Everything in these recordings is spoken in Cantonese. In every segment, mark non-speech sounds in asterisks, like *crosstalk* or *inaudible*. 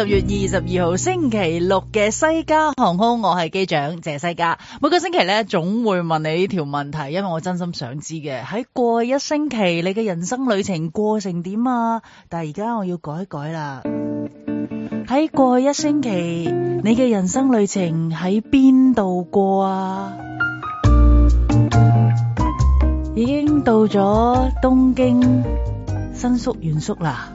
十月二十二號星期六嘅西加航空，我係機長謝西加。每個星期咧，總會問你呢條問題，因為我真心想知嘅喺過一星期你嘅人生旅程過成點啊！但係而家我要改一改啦，喺過一星期你嘅人生旅程喺邊度過啊？已經到咗東京新宿原宿啦。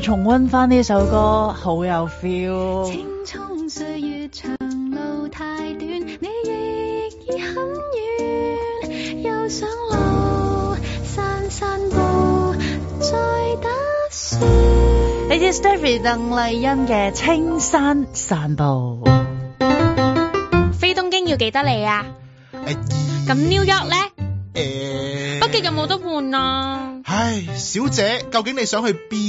重溫翻呢首歌，好有 feel。青蔥歲月，長路太短，你亦已很遠，又上路，散散步，再打算。Stevie，鄧麗欣嘅青山散步，飛東京要幾多嚟啊？咁 New York 咧？誒，北極又冇得換啊？唉，小姐，究竟你想去邊？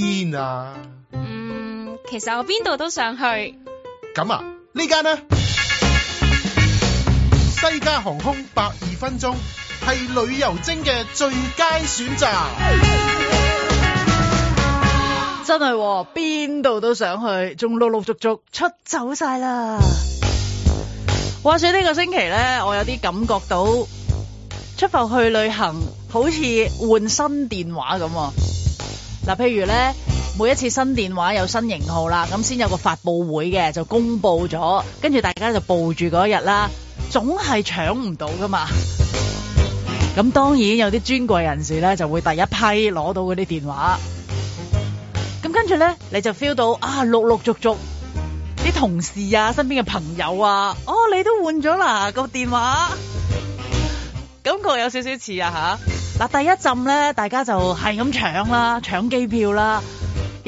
嗯，其實我邊度都想去。咁啊，呢間呢？西加航空百二分鐘係旅遊精嘅最佳選擇。 *noise* 真係邊度都想去，仲陸陸續續出走晒啦。話說呢個星期咧，我有啲感覺到出埠去旅行好似換新電話咁。嗱、啊，譬如咧。每一次新電話有新型號啦，咁先有個發佈會嘅，就公布咗，跟住大家就報住嗰日啦，總係搶唔到噶嘛。咁當然有啲尊貴人士咧就會第一批攞到嗰啲電話。咁跟住咧你就 feel 到啊，陸陸續續啲同事啊、身邊嘅朋友啊，哦，你都換咗啦個電話，感覺有少少似啊嚇。嗱，第一陣咧，大家就係咁搶啦，搶機票啦。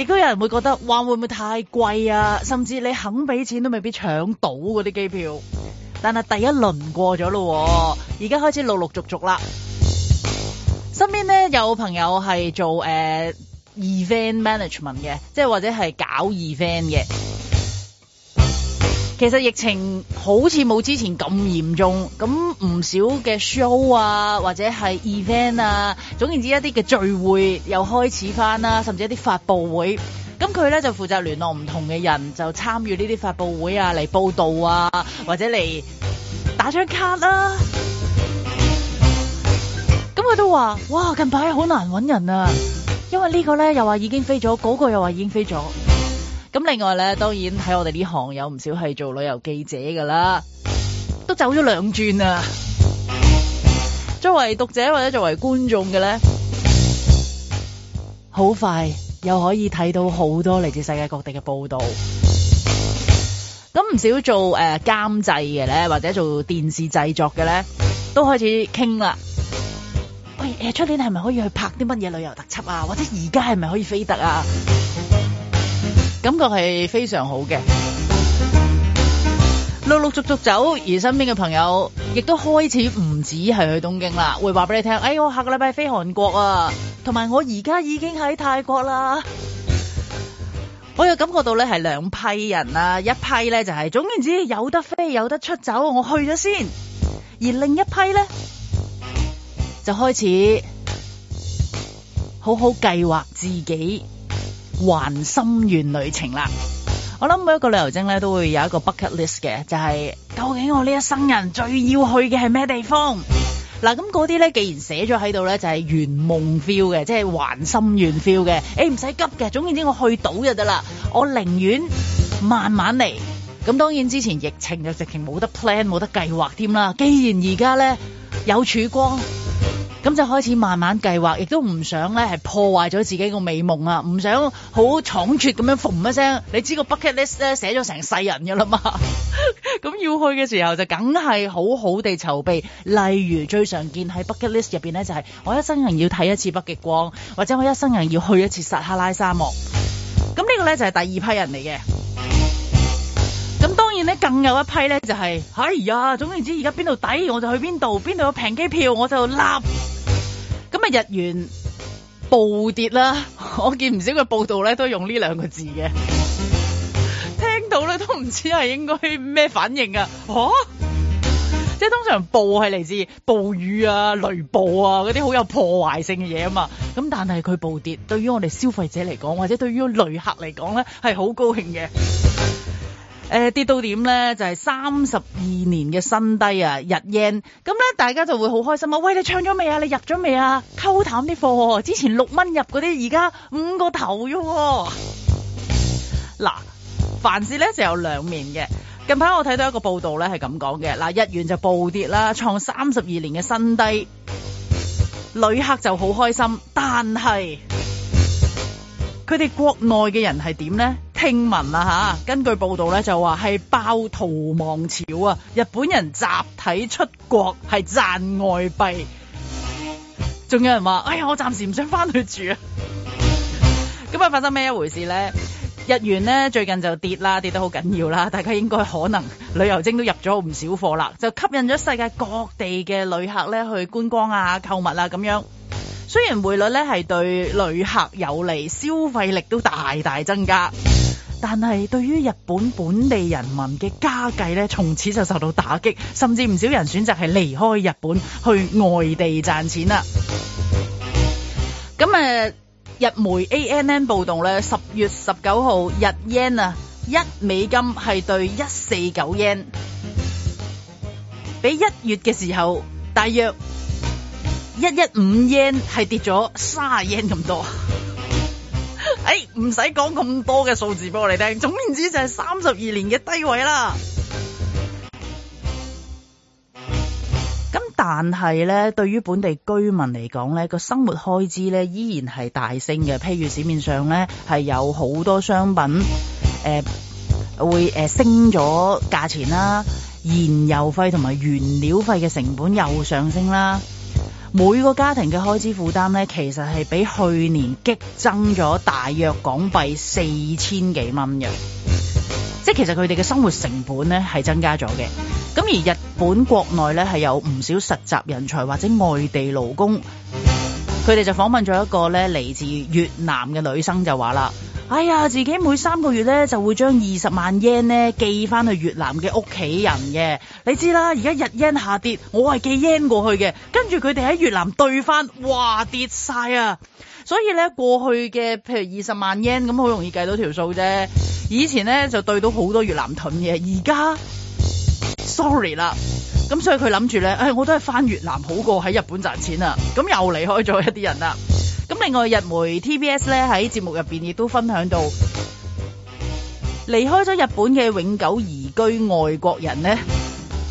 亦都有人會覺得，哇，會唔會太貴啊？甚至你肯俾錢都未必搶到嗰啲機票。但係第一輪過咗咯，而家開始陸陸續續啦。身邊咧有朋友係做誒、呃、event management 嘅，即係或者係搞 event 嘅。其實疫情好似冇之前咁嚴重，咁唔少嘅 show 啊，或者係 event 啊，總言之一啲嘅聚會又開始翻啦，甚至一啲發布會，咁佢咧就負責聯絡唔同嘅人，就參與呢啲發布會啊，嚟報道啊，或者嚟打張卡啦，啊。咁佢 *music* 都話：哇，近排好難搵人啊，因為呢個咧又話已經飛咗，嗰個又話已經飛咗。咁另外咧，當然喺我哋呢行有唔少係做旅遊記者噶啦，都走咗兩轉啊！作為讀者或者作為觀眾嘅咧，好快又可以睇到好多嚟自世界各地嘅報道。咁唔少做誒、呃、監製嘅咧，或者做電視製作嘅咧，都開始傾啦。喂，誒，出年係咪可以去拍啲乜嘢旅遊特輯啊？或者而家係咪可以飛得啊？感覺係非常好嘅，陸陸續續走，而身邊嘅朋友亦都開始唔止係去東京啦，會話俾你聽，哎，我下個禮拜飛韓國啊，同埋我而家已經喺泰國啦，我又感覺到咧係兩批人啦、啊，一批咧就係、是、總言之有得飛有得出走，我去咗先，而另一批咧就開始好好計劃自己。還心願旅程啦，我諗每一個旅遊精咧都會有一個 bucket list 嘅，就係、是、究竟我呢一生人最要去嘅係咩地方？嗱，咁嗰啲咧既然寫咗喺度咧，就係、是、圓夢 feel 嘅，即係還心願 feel 嘅，誒唔使急嘅，總然之我去到就得啦，我寧願慢慢嚟。咁當然之前疫情就直情冇得 plan 冇得計劃添啦，既然而家咧有曙光。咁就開始慢慢計劃，亦都唔想咧係破壞咗自己個美夢啊！唔想好倉卒咁樣嘣一聲，你知個 bucket list 咧寫咗成世人噶啦嘛？咁 *laughs* 要去嘅時候就梗係好好地籌備，例如最常見喺 bucket list 入邊咧就係我一生人要睇一次北極光，或者我一生人要去一次撒哈拉沙漠。咁呢個咧就係第二批人嚟嘅。咁當然咧，更有一批咧，就係哎呀，總然之，而家邊度抵我就去邊度，邊度有平機票我就立。咁啊，日元暴跌啦，我見唔少嘅報道咧都用呢兩個字嘅，聽到咧都唔知係應該咩反應啊？吓，即係通常暴係嚟自暴雨啊、雷暴啊嗰啲好有破壞性嘅嘢啊嘛。咁但係佢暴跌，對於我哋消費者嚟講，或者對於旅客嚟講咧，係好高興嘅。誒、呃，跌到點咧？就係三十二年嘅新低啊！日圓，咁咧大家就會好開心啊！喂，你唱咗未啊？你入咗未啊？溝淡啲貨，之前六蚊入嗰啲，而家五個頭喎，啊。嗱，凡事咧就有兩面嘅。近排我睇到一個報道咧係咁講嘅，嗱，日元就暴跌啦，創三十二年嘅新低。旅客就好開心，但係。佢哋國內嘅人係點呢？聽聞啊吓，根據報道咧就話係爆逃亡潮啊！日本人集體出國係賺外幣，仲有人話：哎呀，我暫時唔想翻去住啊！咁啊 *laughs* 發生咩一回事呢？日元呢，最近就跌啦，跌得好緊要啦！大家應該可能旅遊精都入咗唔少貨啦，就吸引咗世界各地嘅旅客咧去觀光啊、購物啊咁樣。雖然匯率咧係對旅客有利，消費力都大大增加，但係對於日本本地人民嘅家計咧，從此就受到打擊，甚至唔少人選擇係離開日本去外地賺錢啦。咁 *noise* 日媒 ANN 報道咧，十月十九號日 yen 啊一美金係對一四九 yen，比一月嘅時候大約，一一五 yen 係跌咗卅 yen 咁多，誒，唔使講咁多嘅數字俾我哋聽，總言之就係三十二年嘅低位啦。咁但係咧，對於本地居民嚟講咧，個生活開支咧依然係大升嘅。譬如市面上咧係有好多商品誒、呃、會誒、呃、升咗價錢啦，燃油費同埋原料費嘅成本又上升啦。每個家庭嘅開支負擔咧，其實係比去年激增咗大約港幣四千幾蚊嘅，即其實佢哋嘅生活成本咧係增加咗嘅。咁而日本國內咧係有唔少實習人才或者外地勞工，佢哋就訪問咗一個咧嚟自越南嘅女生就話啦。哎呀，自己每三個月咧就會將二十萬 yen 咧寄翻去越南嘅屋企人嘅，你知啦，而家日 yen 下跌，我係寄 yen 過去嘅，跟住佢哋喺越南兌翻，哇跌晒啊！所以咧過去嘅譬如二十萬 yen 咁好容易計到條數啫，以前咧就對到好多越南盾嘅，而家 sorry 啦，咁所以佢諗住咧，唉、哎、我都係翻越南好過喺日本賺錢啊，咁又離開咗一啲人啦。另外，日媒 TBS 咧喺節目入邊亦都分享到，離開咗日本嘅永久移居外國人咧，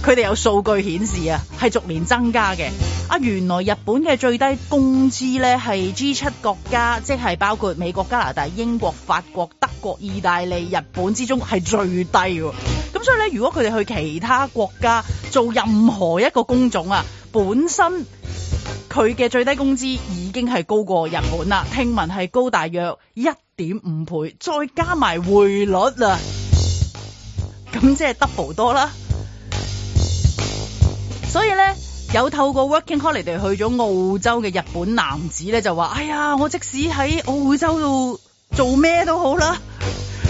佢哋有數據顯示啊，係逐年增加嘅。啊，原來日本嘅最低工資咧係 G 七國家，即係包括美國、加拿大、英國、法國、德國、意大利、日本之中係最低嘅。咁所以咧，如果佢哋去其他國家做任何一個工種啊，本身佢嘅最低工資已經係高過日本啦，聽聞係高大約一點五倍，再加埋匯率啦，咁即係 double 多啦。所以咧，有透過 Working Holiday 去咗澳洲嘅日本男子咧，就話：哎呀，我即使喺澳洲度做咩都好啦，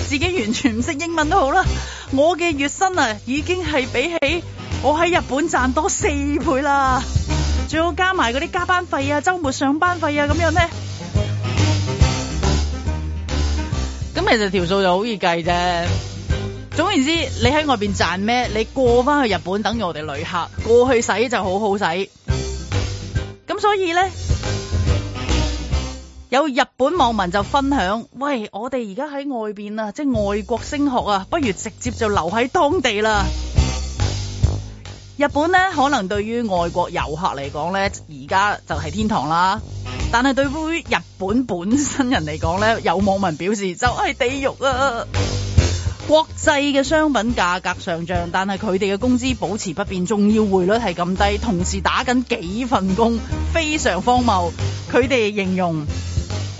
自己完全唔識英文都好啦，我嘅月薪啊已經係比起。我喺日本賺多四倍啦，仲要加埋嗰啲加班費啊、周末上班費啊咁樣咧，咁 *music* 其實條數就好易計啫。總言之，你喺外邊賺咩，你過翻去日本等住我哋旅客過去使就好好使。咁所以咧，有日本網民就分享：喂，我哋而家喺外邊啊，即係外國升學啊，不如直接就留喺當地啦。日本咧，可能對於外國遊客嚟講咧，而家就係天堂啦。但係對於日本本身人嚟講咧，有網民表示就係地獄啊！國際嘅商品價格上漲，但係佢哋嘅工資保持不變，仲要匯率係咁低，同時打緊幾份工，非常荒謬。佢哋形容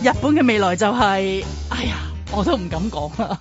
日本嘅未來就係，哎呀，我都唔敢講啦。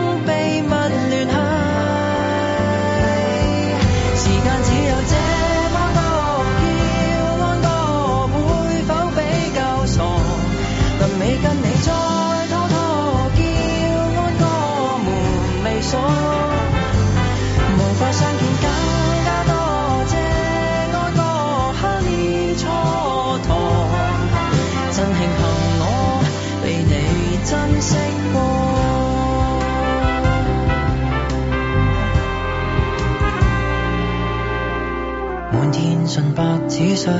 白紙碎，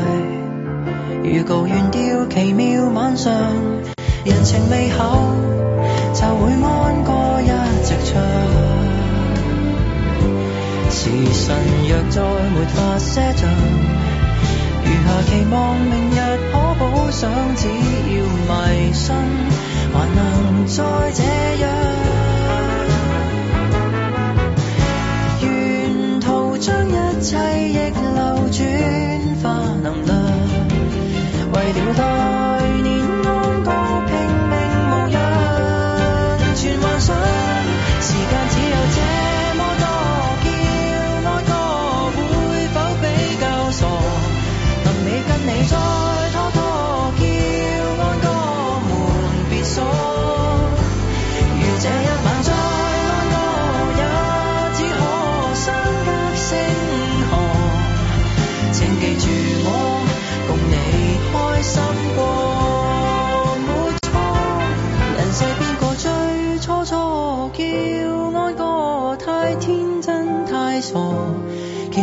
如告原調奇妙晚上，人情未厚，就會安歌一直唱。時辰若再沒法賒賬，餘下期望明日可補上，只要迷信，還能再這樣。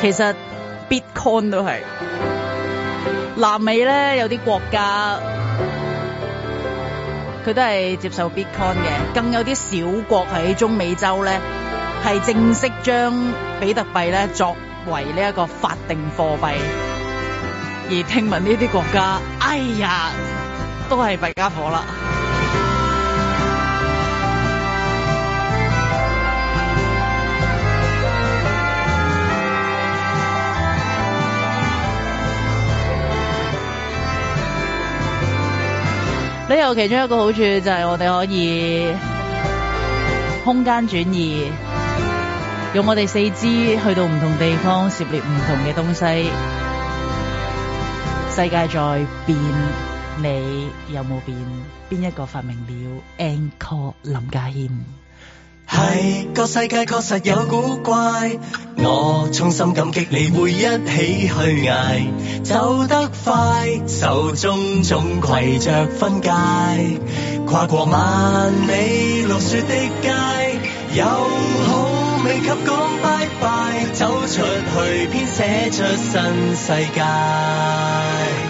其實 Bitcoin 都係南美咧，有啲國家佢都係接受 Bitcoin 嘅，更有啲小國喺中美洲咧，係正式將比特幣咧作為呢一個法定貨幣。而聽聞呢啲國家，哎呀，都係弊家婆啦。呢個其中一個好處就係我哋可以空間轉移，用我哋四肢去到唔同地方，涉獵唔同嘅東西。世界在變，你有冇變？邊一個發明了 Encore 林家謙。係個世界確實有古怪，我衷心感激你會一起去捱，走得快，手中總攜著分界。跨過萬里落雪的街，有好未及講拜拜，走出去編寫出新世界。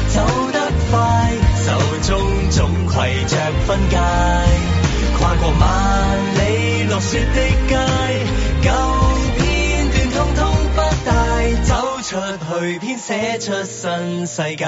走得快，手中總攜著分界跨過萬里落雪的街，舊片段通通不帶，走出去，編寫出新世界。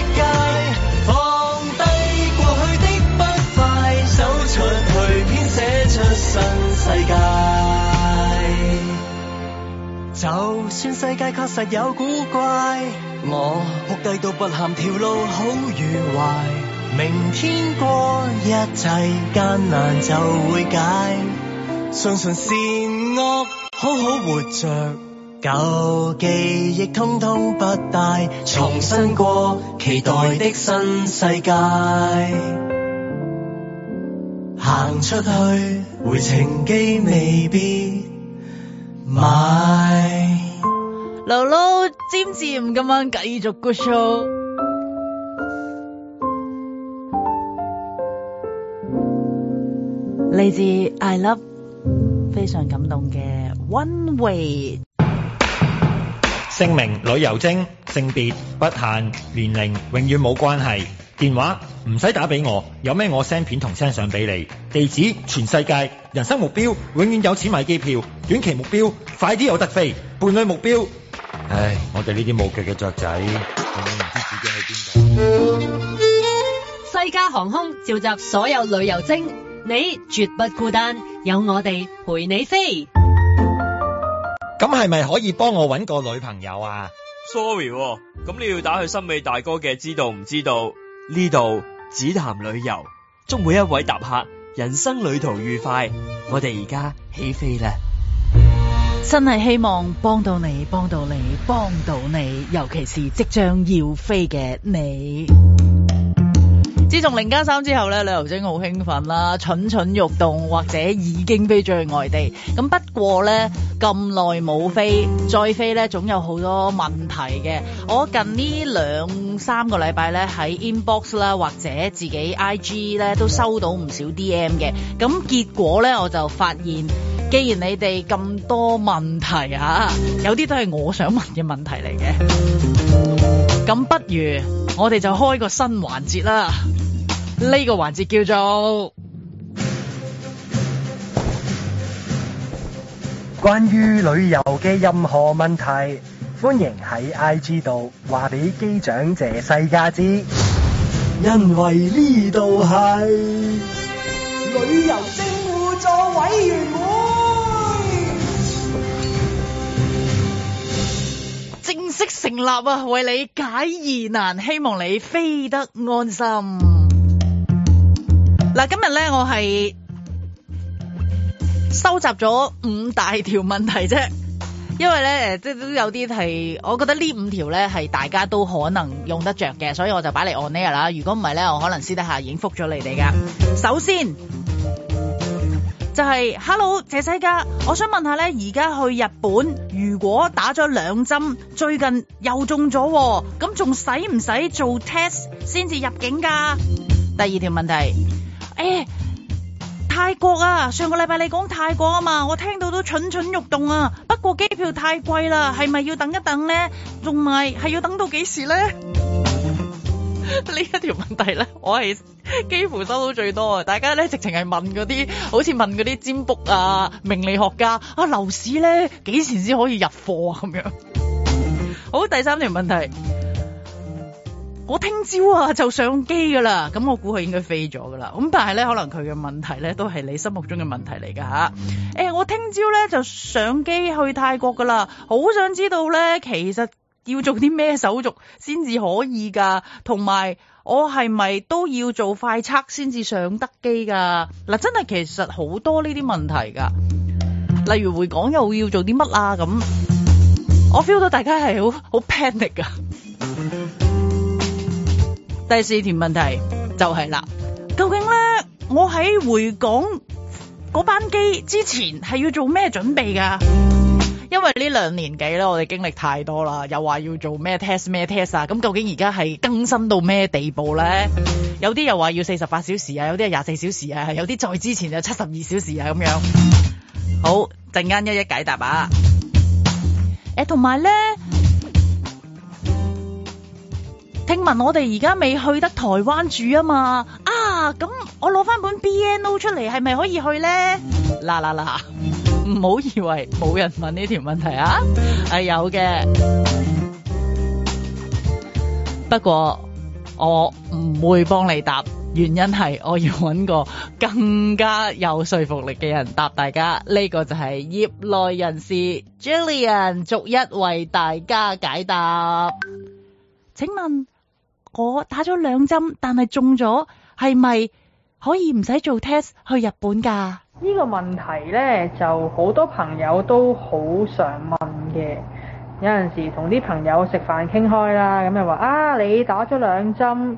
就算世界確實有古怪，我哭低都不喊，條路好與壞，明天過一切艱難就會解。相信信善惡，好好活着，舊記憶通通不帶，重新過期待的新世界。行出去，回程機未必買。My 劉老尖漸今晚繼續 good show，嚟自 I Love 非常感動嘅 One Way。姓名、旅遊證、性別不限、年齡永遠冇關係。電話唔使打俾我，有咩我 send 片同 send 相俾你。地址全世界。人生目標永遠有錢買機票。短期目標快啲有得飛。伴侶目標。唉，我哋呢啲冇腳嘅雀仔，根本唔知自己喺邊度。西加航空召集所有旅遊精，你絕不孤單，有我哋陪你飛。咁係咪可以幫我揾個女朋友啊？Sorry，咁、哦、你要打去森美大哥嘅，知道唔知道？呢度只談旅遊，祝每一位搭客人生旅途愉快。我哋而家起飛啦。真係希望幫到你，幫到你，幫到你，尤其是即將要飛嘅你。自從零加三之後咧，旅遊精好興奮啦，蠢蠢欲動或者已經飛咗去外地。咁不過咧，咁耐冇飛，再飛咧，總有好多問題嘅。我近呢兩三個禮拜咧，喺 inbox 啦，或者自己 IG 咧都收到唔少 DM 嘅。咁結果咧，我就發現。既然你哋咁多問題啊，有啲都係我想問嘅問題嚟嘅，咁不如我哋就開個新環節啦，呢個環節叫做關於旅遊嘅任何問題，歡迎喺 IG 度話俾機長謝世家知，因為呢度係旅遊政務座委員會，正式成立啊，為你解疑難，希望你飛得安心。嗱，今日咧我係收集咗五大條問題啫，因為咧誒，即都有啲係，我覺得呢五條咧係大家都可能用得着嘅，所以我就擺嚟我呢度啦。如果唔係咧，我可能私底下已經復咗你哋噶。首先。就係，hello 謝西加，我想問下咧，而家去日本如果打咗兩針，最近又中咗，咁仲使唔使做 test 先至入境噶？第二條問題，誒、哎、泰國啊，上個禮拜你講泰國啊嘛，我聽到都蠢蠢欲動啊，不過機票太貴啦，係咪要等一等呢？仲埋係要等到幾時呢？呢一條問題咧，我係幾乎收到最多啊！大家咧直情係問嗰啲，好似問嗰啲占卜啊、命理學家啊，樓市咧幾時先可以入貨啊？咁樣。好，第三條問題，我聽朝啊就上機㗎喇，咁我估佢應該飛咗㗎喇。咁但係咧，可能佢嘅問題咧都係你心目中嘅問題嚟㗎吓。誒，我聽朝咧就上機去泰國㗎喇，好想知道咧其實。要做啲咩手續先至可以噶？同埋我係咪都要做快測先至上得機噶？嗱，真係其實好多呢啲問題噶。例如回港又要做啲乜啊？咁我 feel 到大家係好好 panic 㗎。第四條問題就係啦，究竟咧我喺回港嗰班機之前係要做咩準備噶？因為呢兩年幾咧，我哋經歷太多啦，又話要做咩 test 咩 test 啊，咁究竟而家係更新到咩地步咧？有啲又話要四十八小時啊，有啲係廿四小時啊，有啲再之前就七十二小時啊咁樣。好，陣間一一解答啊！誒、哎，同埋咧，聽聞我哋而家未去得台灣住啊嘛，啊，咁我攞翻本 BNO 出嚟，係咪可以去咧？啦啦啦。唔好以為冇人問呢條問題啊！係有嘅，不過我唔會幫你答，原因係我要揾個更加有說服力嘅人答大家。呢個就係業內人士 Jillian 逐一為大家解答。請問，我打咗兩針，但係中咗，係咪可以唔使做 test 去日本㗎？呢個問題呢，就好多朋友都好常問嘅。有陣時同啲朋友食飯傾開啦，咁又話啊，你打咗兩針，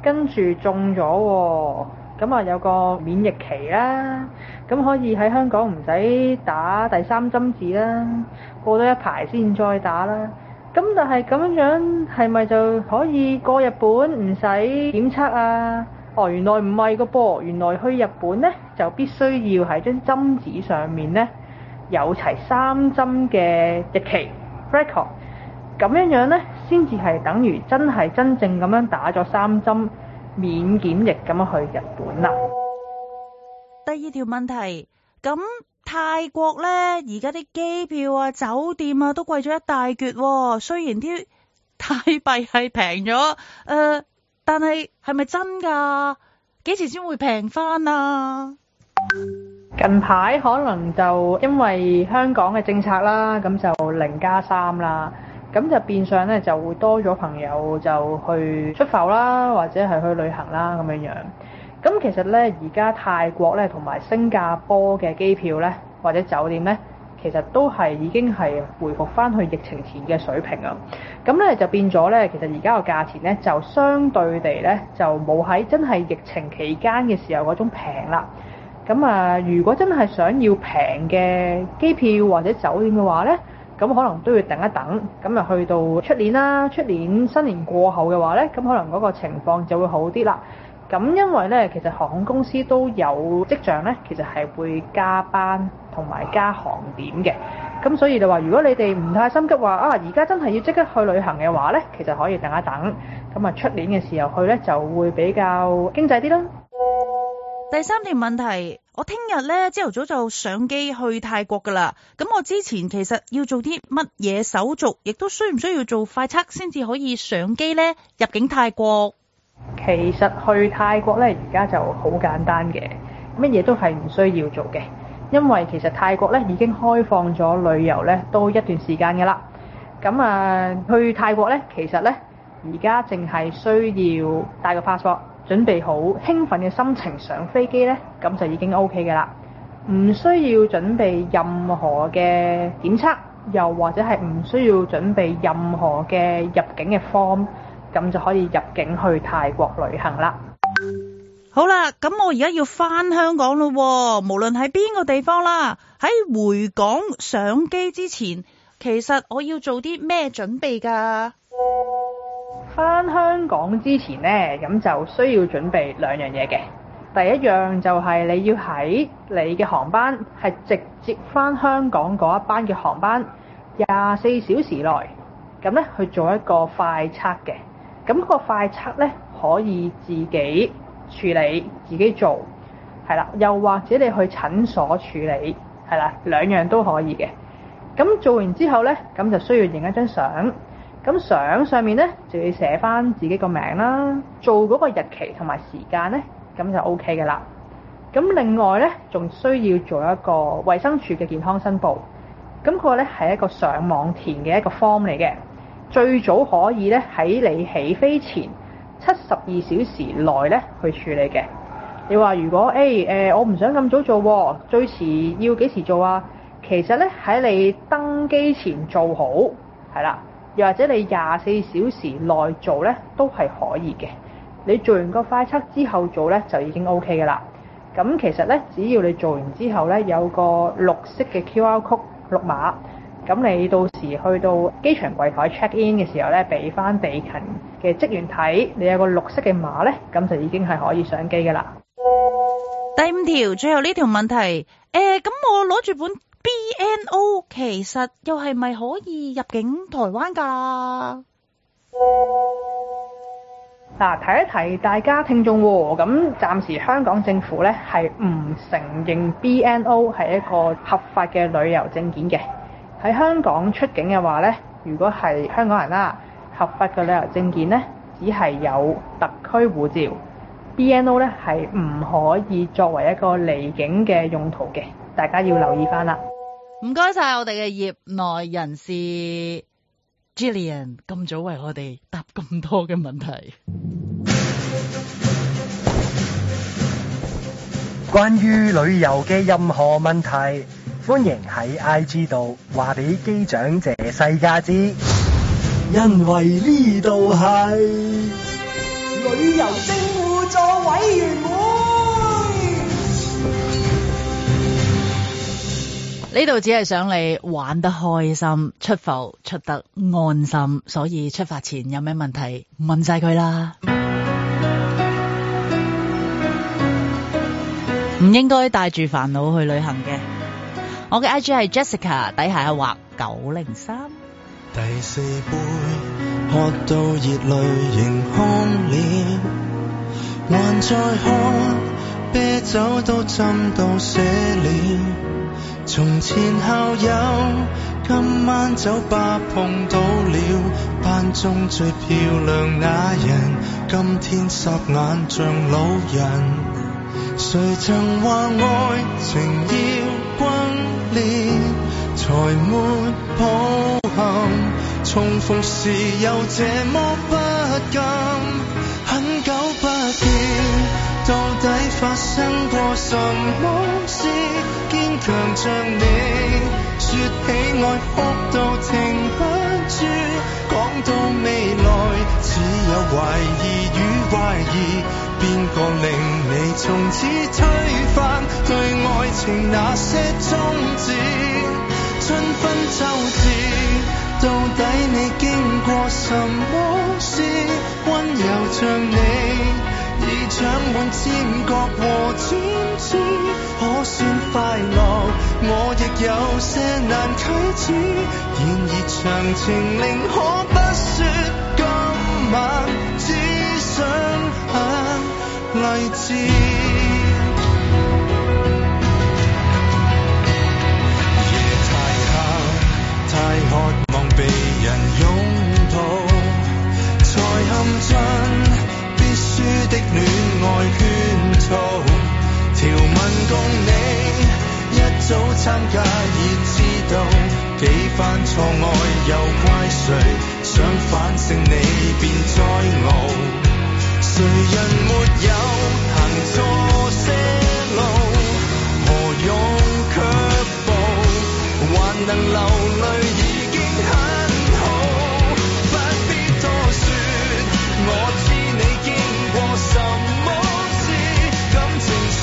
跟住中咗喎，咁啊有個免疫期啦，咁可以喺香港唔使打第三針字啦，過多一排先再打啦。咁但係咁樣係咪就可以過日本唔使檢測啊？哦，原來唔係個噃，原來去日本呢。就必須要喺張針紙上面咧，有齊三針嘅日期 record，咁樣樣咧，先至係等於真係真正咁樣打咗三針免檢疫咁去日本啦。第二條問題，咁泰國咧，而家啲機票啊、酒店啊都貴咗一大橛，啊，雖然啲泰幣係平咗，誒、呃，但係係咪真㗎？幾時先會平翻啊？近排可能就因為香港嘅政策啦，咁就零加三啦，咁就變相呢就會多咗朋友就去出埠啦，或者係去旅行啦咁樣樣。咁其實呢，而家泰國呢，同埋新加坡嘅機票呢，或者酒店呢，其實都係已經係回復翻去疫情前嘅水平啊。咁呢，就變咗呢，其實而家個價錢呢，就相對地呢，就冇喺真係疫情期間嘅時候嗰種平啦。咁啊，如果真係想要平嘅機票或者酒店嘅話呢，咁可能都要等一等。咁啊，去到出年啦，出年新年過後嘅話呢，咁可能嗰個情況就會好啲啦。咁因為呢，其實航空公司都有跡象呢，其實係會加班同埋加航點嘅。咁所以就話，如果你哋唔太心急話啊，而家真係要即刻去旅行嘅話呢，其實可以等一等。咁啊，出年嘅時候去呢，就會比較經濟啲啦。第三條問題，我聽日咧朝頭早就上機去泰國噶啦，咁我之前其實要做啲乜嘢手續，亦都需唔需要做快測先至可以上機呢？入境泰國？其實去泰國咧而家就好簡單嘅，乜嘢都係唔需要做嘅，因為其實泰國咧已經開放咗旅遊咧都一段時間嘅啦。咁啊去泰國咧，其實咧而家淨係需要帶個 passport。準備好興奮嘅心情上飛機呢，咁就已經 OK 嘅啦，唔需要準備任何嘅檢測，又或者係唔需要準備任何嘅入境嘅 form，咁就可以入境去泰國旅行啦。好啦，咁我而家要返香港咯，無論喺邊個地方啦，喺回港上機之前，其實我要做啲咩準備㗎？翻香港之前呢，咁就需要準備兩樣嘢嘅。第一樣就係你要喺你嘅航班係直接翻香港嗰一班嘅航班，廿四小時內，咁咧去做一個快測嘅。咁個快測呢，可以自己處理，自己做，係啦，又或者你去診所處理，係啦，兩樣都可以嘅。咁做完之後呢，咁就需要影一張相。咁相上面咧就要寫翻自己個名啦，做嗰個日期同埋時間咧，咁就 OK 噶啦。咁另外咧，仲需要做一個衛生署嘅健康申報。咁佢咧係一個上網填嘅一個 form 嚟嘅，最早可以咧喺你起飛前七十二小時內咧去處理嘅。你話如果誒、欸、我唔想咁早做，哦，最遲要幾時做啊？其實咧喺你登機前做好，係啦。又或者你廿四小時內做咧都係可以嘅，你做完個快測之後做咧就已經 OK 嘅啦。咁其實咧，只要你做完之後咧有個綠色嘅 QR code 綠碼，咁你到時去到機場櫃台 check in 嘅時候咧，俾翻地勤嘅職員睇，你有個綠色嘅碼咧，咁就已經係可以上機嘅啦。第五條，最後呢條問題，誒、呃、咁我攞住本，B N O 其實又係咪可以入境台灣噶？嗱，提一提大家聽眾喎，咁暫時香港政府呢係唔承認 B N O 係一個合法嘅旅遊證件嘅。喺香港出境嘅話呢，如果係香港人啦，合法嘅旅遊證件呢，只係有特區護照。B N O 呢係唔可以作為一個離境嘅用途嘅，大家要留意翻啦。唔該晒我哋嘅業內人士 Jillian，咁早為我哋答咁多嘅問題。關於旅遊嘅任何問題，歡迎喺 IG 度話俾機長謝世嘉知。因為呢度係旅遊政互助委員會。呢度只係想你玩得開心，出埠出得安心，所以出發前有咩問題問晒佢啦。唔應該帶住煩惱去旅行嘅。我嘅 I G 係 Jessica，底下、啊、畫九零三。第四杯喝到熱淚盈眶了，還在看啤酒都浸到寫了。從前校友，今晚酒吧碰到了班中最漂亮那、啊、人，今天霎眼像老人。誰曾話愛情要轟烈才沒抱憾，重逢時又這麼不甘，很久不見。到底發生過什麼事？堅強像你，說起愛哭到停不住，講到未來只有懷疑與懷疑，邊個令你從此推翻對愛情那些宗旨？春分秋至，到底你經過什麼事？溫柔像你。已長滿尖角和尖刺，可算快樂？我亦有些難啟齒，然而長情寧可不說。今晚只想很勵志。夜、yeah, 太黑，太渴望被人擁抱，才陷進。輸的戀愛圈套，條文共你一早參加已知道，幾番錯愛又怪誰，想反省你便再熬，誰人沒有行錯些路，何用卻步，還能流淚。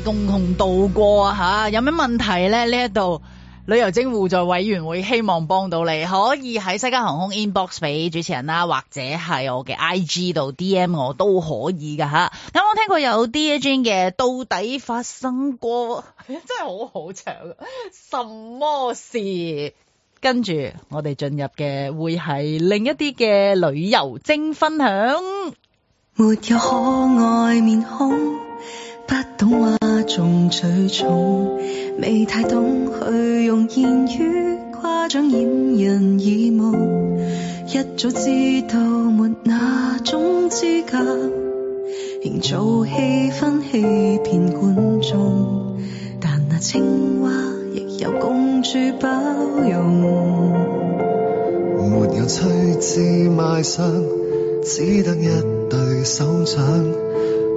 共同渡過啊吓，有咩問題咧？呢一度旅遊精互助委員會希望幫到你，可以喺西加航空 inbox 俾主持人啦，或者係我嘅 IG 度 DM 我都可以噶吓。咁我聽過有 DJ 嘅到底發生過，真係好好長，什麼事？跟住我哋進入嘅會係另一啲嘅旅遊精分享，沒有可愛面孔。不懂嘩眾取寵，未太懂去用言語誇張掩人耳目。一早知道沒那種資格，營造氣氛，欺騙觀眾。但那青蛙亦有公主包容，沒有趣致賣相，只得一對手掌。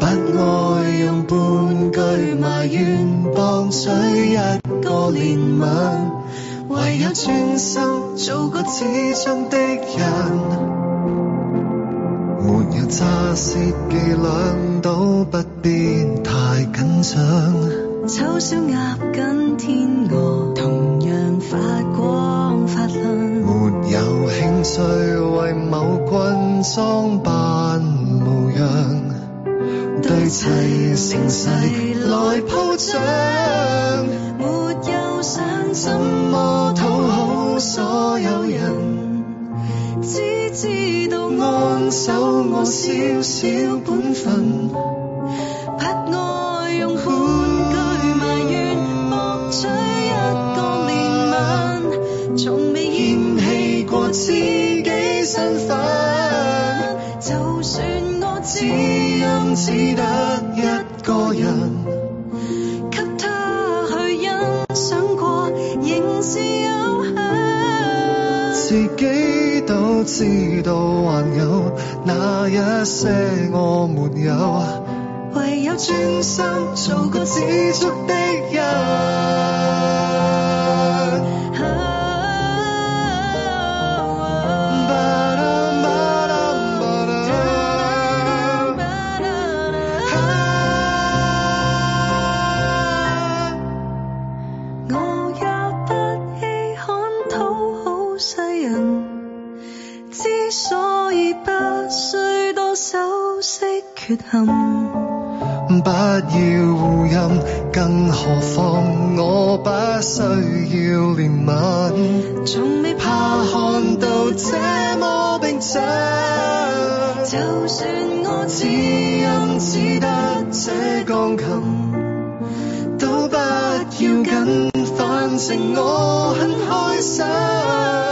不愛用半句埋怨博取一個憐憫，唯有專心做個始終的人。沒有差事伎倆都不必太緊張。醜小鴨跟天鵝同樣發光發亮，沒有興趣為某君裝扮模樣。齊齊成世來鋪張，沒有想怎麼討好所有人，只知道安守我少少本分。只得一個人，給他去欣賞過，仍是有幸。自己都知道還有那一些我沒有，唯有專心做個知足的人。嗯、不要護蔭，更何況我不需要憐憫。從未怕看到這麼冰鎮，就算我只音只得這鋼琴，都不要緊，反正我很開心。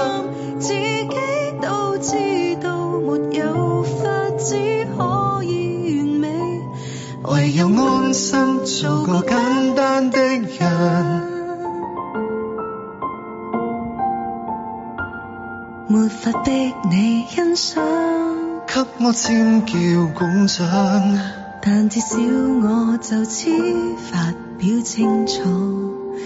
心做個簡單的人，沒法逼你欣賞，給我尖叫鼓掌，但至少我就此發表清楚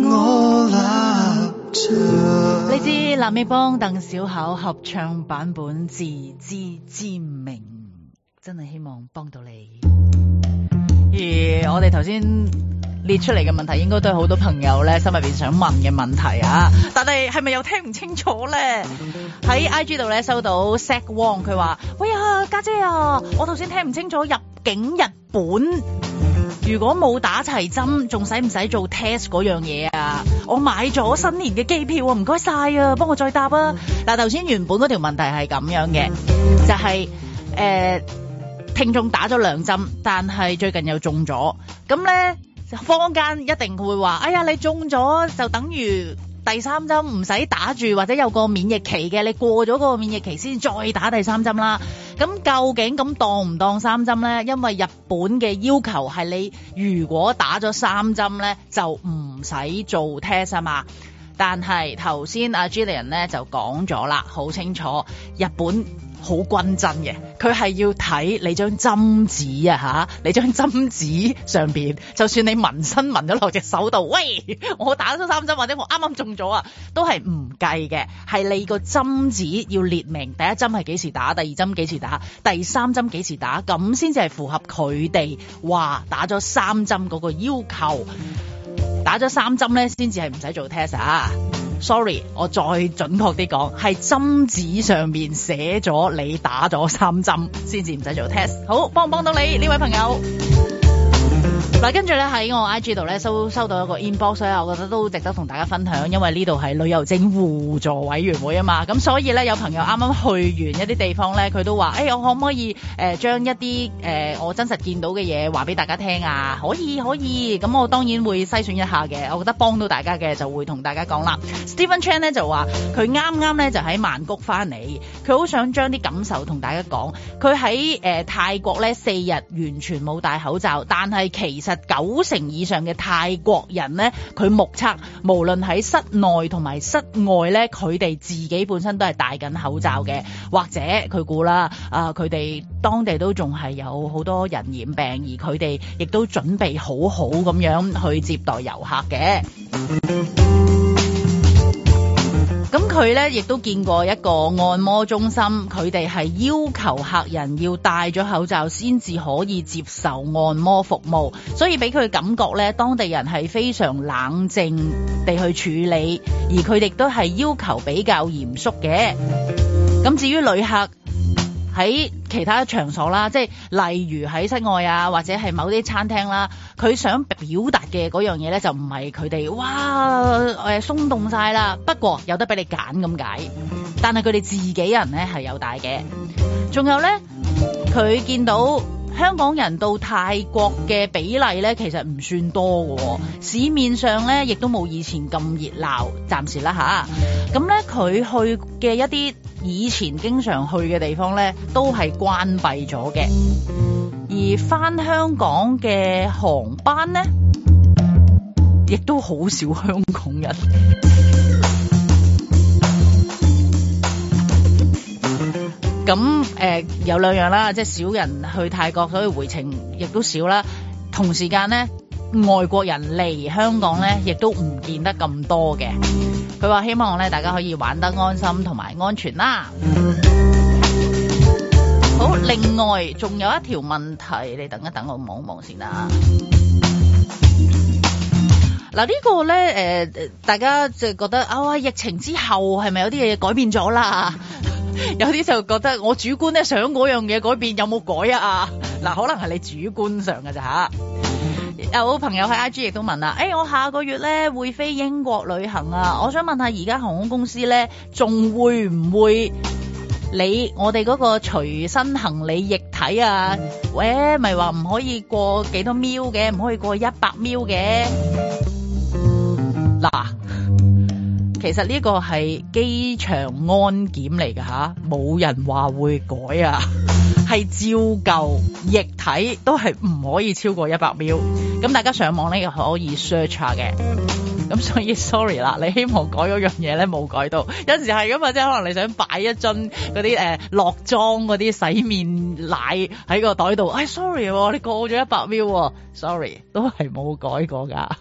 我立場。你知藍奕邦鄧小巧合唱版本自知之明，真係希望幫到你。而我哋頭先列出嚟嘅問題，應該都係好多朋友咧心入邊想問嘅問題啊！但係係咪又聽唔清楚咧？喺 IG 度咧收到 Sack Wong，佢話：，喂啊，家姐啊，我頭先聽唔清楚入境日本，如果冇打齊針，仲使唔使做 test 嗰樣嘢啊？我買咗新年嘅機票，啊，唔該晒啊，幫我再答啊！嗱，頭先原本嗰條問題係咁樣嘅，就係，誒，呃聽眾打咗兩針，但係最近又中咗，咁呢，坊間一定會話：，哎呀，你中咗就等於第三針唔使打住，或者有個免疫期嘅，你過咗嗰個免疫期先再打第三針啦。咁究竟咁當唔當三針呢？因為日本嘅要求係你如果打咗三針呢，就唔使做 test 啊嘛。但係頭先阿 Julian 呢，就講咗啦，好清楚日本。好均真嘅，佢係要睇你張針紙啊吓，你張針紙上邊，就算你紋身紋咗落隻手度，喂，我打咗三針或者我啱啱中咗啊，都係唔計嘅，係你個針紙要列明第一針係幾時打，第二針幾時打，第三針幾時打，咁先至係符合佢哋話打咗三針嗰個要求，打咗三針呢，先至係唔使做 test 啊。sorry，我再準確啲講，係針紙上面寫咗你打咗三針，先至唔使做 test。好，幫唔幫到你呢位朋友？嗱，跟住咧喺我 IG 度咧收收到一個 inbox，所以我覺得都值得同大家分享，因為呢度係旅遊證互助委員會啊嘛，咁所以咧有朋友啱啱去完一啲地方咧，佢都話，誒、哎、我可唔可以誒將、呃、一啲誒、呃、我真實見到嘅嘢話俾大家聽啊？可以，可以，咁我當然會篩選一下嘅，我覺得幫到大家嘅就會同大家講啦。Stephen Chan 咧就話佢啱啱咧就喺曼谷翻嚟，佢好想將啲感受同大家講。佢喺誒泰國咧四日完全冇戴口罩，但係其實，九成以上嘅泰國人呢，佢目測，無論喺室內同埋室外呢，佢哋自己本身都係戴緊口罩嘅，或者佢估啦，啊佢哋當地都仲係有好多人染病，而佢哋亦都準備好好咁樣去接待遊客嘅。咁佢咧亦都見過一個按摩中心，佢哋係要求客人要戴咗口罩先至可以接受按摩服務，所以俾佢感覺咧，當地人係非常冷靜地去處理，而佢哋都係要求比較嚴肅嘅。咁至於旅客。喺其他場所啦，即係例如喺室外啊，或者係某啲餐廳啦，佢想表達嘅嗰樣嘢咧，就唔係佢哋哇誒鬆動晒啦，不過有得俾你揀咁解，但係佢哋自己人咧係有大嘅，仲有咧佢見到。香港人到泰國嘅比例呢，其實唔算多嘅，市面上呢，亦都冇以前咁熱鬧，暫時啦吓。咁呢，佢去嘅一啲以前經常去嘅地方呢，都係關閉咗嘅，而返香港嘅航班呢，亦都好少香港人。咁誒、呃、有兩樣啦，即係少人去泰國，所以回程亦都少啦。同時間咧，外國人嚟香港咧，亦都唔見得咁多嘅。佢話希望咧，大家可以玩得安心同埋安全啦。好，另外仲有一條問題，你等一等我看看，我望一望先啦。嗱、呃，呢個咧，大家就覺得啊、哦，疫情之後係咪有啲嘢改變咗啦？有啲就覺得我主觀咧想嗰樣嘢改變有冇改啊？嗱，可能係你主觀上嘅咋吓？有朋友喺 I G 亦都問啦，誒、哎，我下個月咧會飛英國旅行啊，我想問下而家航空公司咧仲會唔會理我哋嗰個隨身行李液體啊？喂，咪話唔可以過幾多秒嘅，唔可以過一百秒嘅嗱。其實呢個係機場安檢嚟噶吓，冇人話會改啊，係照舊，液體都係唔可以超過一百毫升。咁大家上網咧可以 search 下嘅。咁所以 sorry 啦，你希望改嗰樣嘢咧冇改到，有時係咁嘛，即係可能你想擺一樽嗰啲誒落妝嗰啲洗面奶喺個袋度，哎 sorry，你過咗一百毫升，sorry，都係冇改過噶。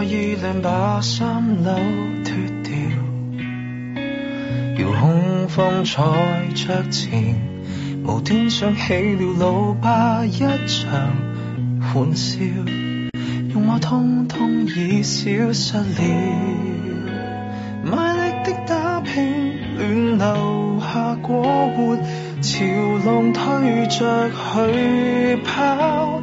我依然把衫紐脫掉，遙控放在桌前，無端想起了老爸一場玩笑，容貌通通已消失了。賣力的打拼，亂留下過活，潮浪推着去跑。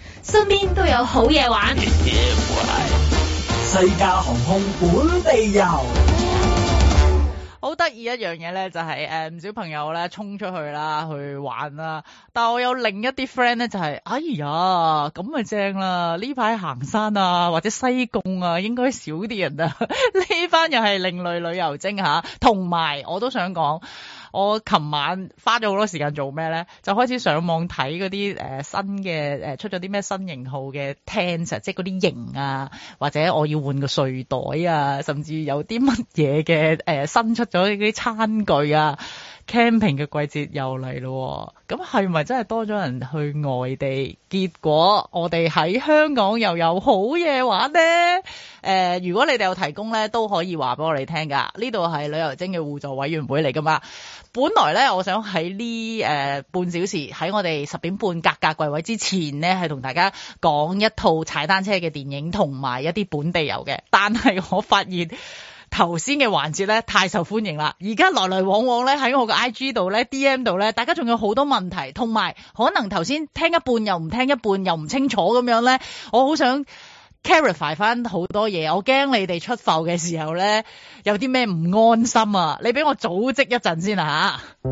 身邊都有好嘢玩，西加航空本地遊。好得意一樣嘢咧，就係誒，唔少朋友咧衝出去啦去玩啦。但係我有另一啲 friend 咧，就係哎呀，咁咪正啦。呢排行山啊，或者西貢啊，應該少啲人啊。呢 *laughs* 班又係另類旅遊精吓，同埋我都想講。我琴晚花咗好多時間做咩咧？就開始上網睇嗰啲誒新嘅誒出咗啲咩新型號嘅 tent 即係嗰啲型啊，或者我要換個睡袋啊，甚至有啲乜嘢嘅誒新出咗嗰啲餐具啊。camping 嘅季節又嚟咯，咁係咪真係多咗人去外地？結果我哋喺香港又有好嘢玩呢、呃，如果你哋有提供呢，都可以話俾我哋聽噶。呢度係旅遊精嘅互助委員會嚟噶嘛。本來呢，我想喺呢、呃、半小時喺我哋十點半格格季位之前呢，係同大家講一套踩單車嘅電影同埋一啲本地遊嘅。但係我發現，頭先嘅環節咧太受歡迎啦，而家來來往往咧喺我嘅 IG 度咧、DM 度咧，大家仲有好多問題，同埋可能頭先聽一半又唔聽一半又唔清楚咁樣咧，我好想 clarify 翻好多嘢，我驚你哋出埠嘅時候咧有啲咩唔安心啊，你俾我組織一陣先啊吓。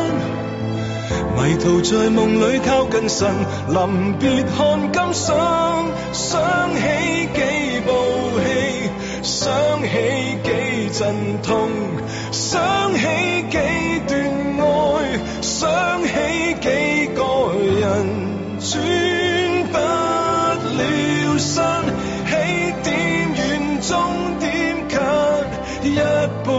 迷途在夢裏靠近神，臨別看今生。想起幾部戲，想起幾陣痛，想起幾段愛，想起幾。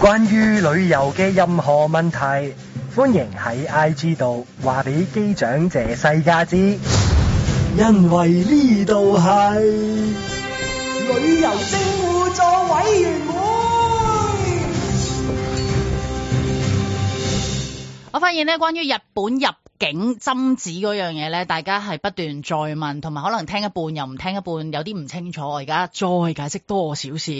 關於旅遊嘅任何問題，歡迎喺 IG 度話俾機長謝世佳知。因為呢度係旅遊政務組委員會。我發現咧，關於日本日本。警針紙嗰樣嘢呢，大家係不斷再問，同埋可能聽一半又唔聽一半，有啲唔清楚。我而家再解釋多少少，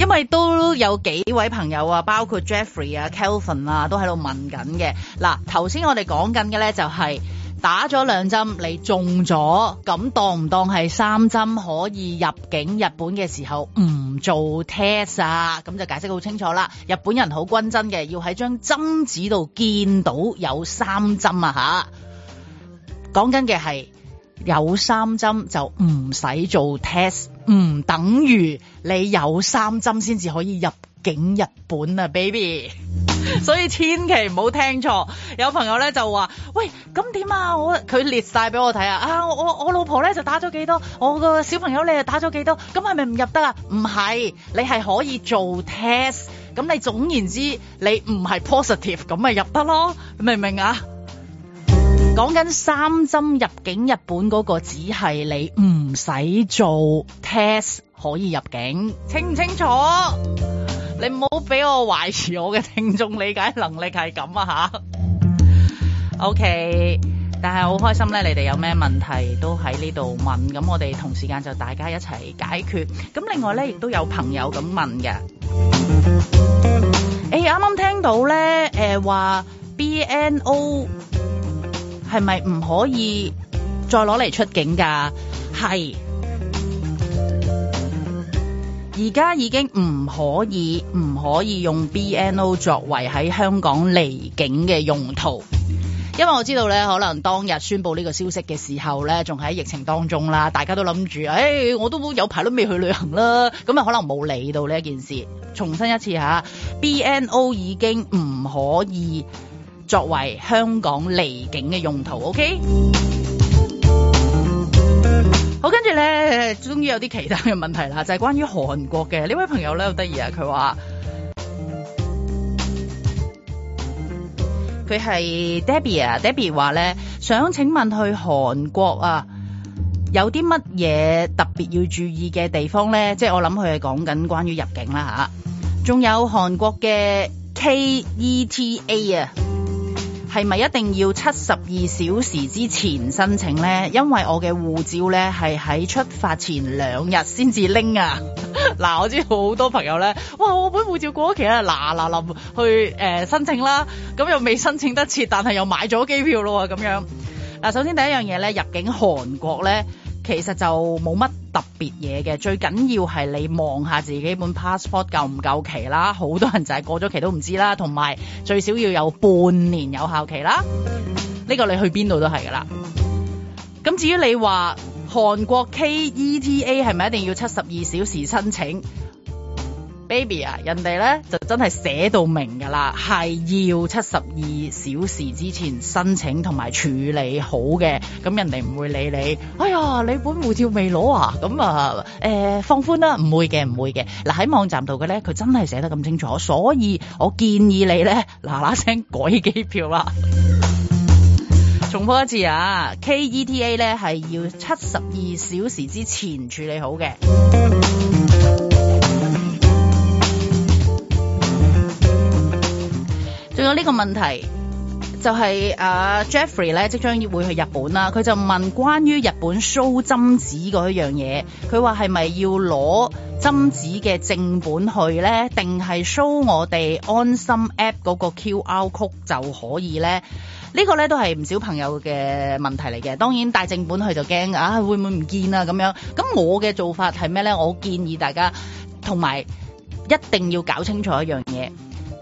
因為都有幾位朋友啊，包括 Jeffrey 啊、Kelvin 啊，都喺度問緊嘅。嗱，頭先我哋講緊嘅呢，就係。打咗兩針，你中咗，咁當唔當係三針可以入境日本嘅時候唔做 test 啊？咁就解釋好清楚啦。日本人好均真嘅，要喺張針紙度見到有三針啊。吓，講緊嘅係有三針就唔使做 test，唔等於你有三針先至可以入。境日本啊，baby， *laughs* 所以千祈唔好聽錯。有朋友咧就話，喂，咁點啊？我佢列晒俾我睇啊！啊，我我老婆咧就打咗幾多，我個小朋友你又打咗幾多，咁係咪唔入得啊？唔係，你係可以做 test，咁你總言之你唔係 positive，咁咪入得咯，明唔明啊？講緊三針入境日本嗰個，只係你唔使做 test 可以入境，清唔清楚？你唔好俾我懷疑我嘅聽眾理解能力係咁啊，吓 OK，但係好開心咧，你哋有咩問題都喺呢度問，咁我哋同時間就大家一齊解決。咁另外咧，亦都有朋友咁問嘅。誒，啱啱聽到咧，誒，話 BNO 係咪唔可以再攞嚟出境㗎？係。而家已經唔可以唔可以用 BNO 作為喺香港離境嘅用途，因為我知道咧，可能當日宣布呢個消息嘅時候咧，仲喺疫情當中啦，大家都諗住，誒、哎，我都有排都未去旅行啦，咁啊，可能冇理到呢一件事。重申一次嚇，BNO 已經唔可以作為香港離境嘅用途，OK？即係咧，終於有啲其他嘅問題啦，就係關於韓國嘅呢位朋友咧，好得意啊！佢話佢係 *music* Debbie 啊，Debbie 話咧，想請問去韓國啊，有啲乜嘢特別要注意嘅地方咧？即係我諗佢係講緊關於入境啦吓，仲有韓國嘅 K E T A 啊。係咪一定要七十二小時之前申請呢？因為我嘅護照呢係喺出發前兩日先至拎啊！嗱， *laughs* 我知好多朋友呢，哇！我本護照過咗期啦，嗱嗱臨去、呃、申請啦，咁又未申請得切，但係又買咗機票咯咁樣。嗱，首先第一樣嘢呢，入境韓國呢。其實就冇乜特別嘢嘅，最緊要係你望下自己本 passport 夠唔夠期啦，好多人就係過咗期都唔知啦，同埋最少要有半年有效期啦，呢個你去邊度都係噶啦。咁至於你話韓國 KETA 係咪一定要七十二小時申請？Baby 啊，人哋咧就真係寫到明噶啦，係要七十二小時之前申請同埋處理好嘅，咁人哋唔會理你。哎呀，你本護照未攞啊？咁啊，誒、呃，放寬啦，唔會嘅，唔會嘅。嗱，喺網站度嘅咧，佢真係寫得咁清楚，所以我建議你咧嗱嗱聲改機票啦。 *laughs* 重複一次啊，K E T A 咧係要七十二小時之前處理好嘅。仲有呢個問題，就係、是、啊 Jeffrey 咧，即將會去日本啦。佢就問關於日本 show 針紙嗰一樣嘢，佢話係咪要攞針紙嘅正本去呢？定係 show 我哋安心 App 嗰個 QR code 就可以呢？呢、這個呢都係唔少朋友嘅問題嚟嘅。當然帶正本去就驚啊，會唔會唔見啊咁樣？咁我嘅做法係咩呢？我建議大家同埋一定要搞清楚一樣嘢。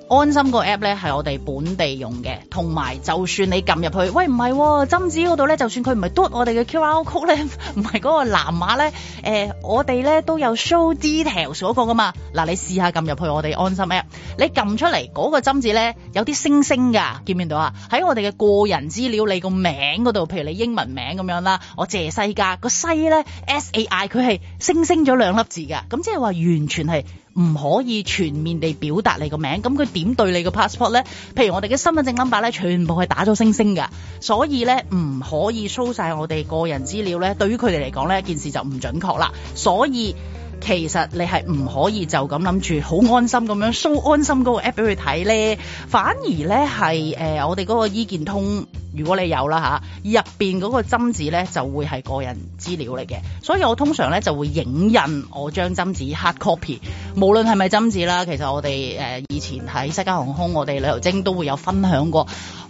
安心個 app 咧係我哋本地用嘅，同埋就算你撳入去，喂唔係、哦、針紙嗰度咧，就算佢唔係 do 我哋嘅 QR code 咧，唔係嗰個藍碼咧、呃，我哋咧都有 show details 嗰個噶嘛。嗱，你試下撳入去我哋安心 app，你撳出嚟嗰、那個針紙咧有啲星星㗎，見唔見到啊？喺我哋嘅個人資料你個名嗰度，譬如你英文名咁樣啦，我謝西加。個西咧 S A I 佢係星星咗兩粒字㗎，咁即係話完全係。唔可以全面地表達你個名，咁佢點對你個 passport 呢？譬如我哋嘅身份證 number 呢全部係打咗星星㗎，所以呢，唔可以 show 曬我哋個人資料呢。對於佢哋嚟講呢件事就唔準確啦。所以其實你係唔可以就咁諗住好安心咁樣 show 安心嗰個 app 俾佢睇呢。反而呢，係、呃、我哋嗰個醫健通。如果你有啦吓入邊嗰個針紙咧就會係個人資料嚟嘅，所以我通常咧就會影印我張針紙，hard copy。無論係咪針紙啦，其實我哋誒以前喺西加航空，我哋旅遊精都會有分享過。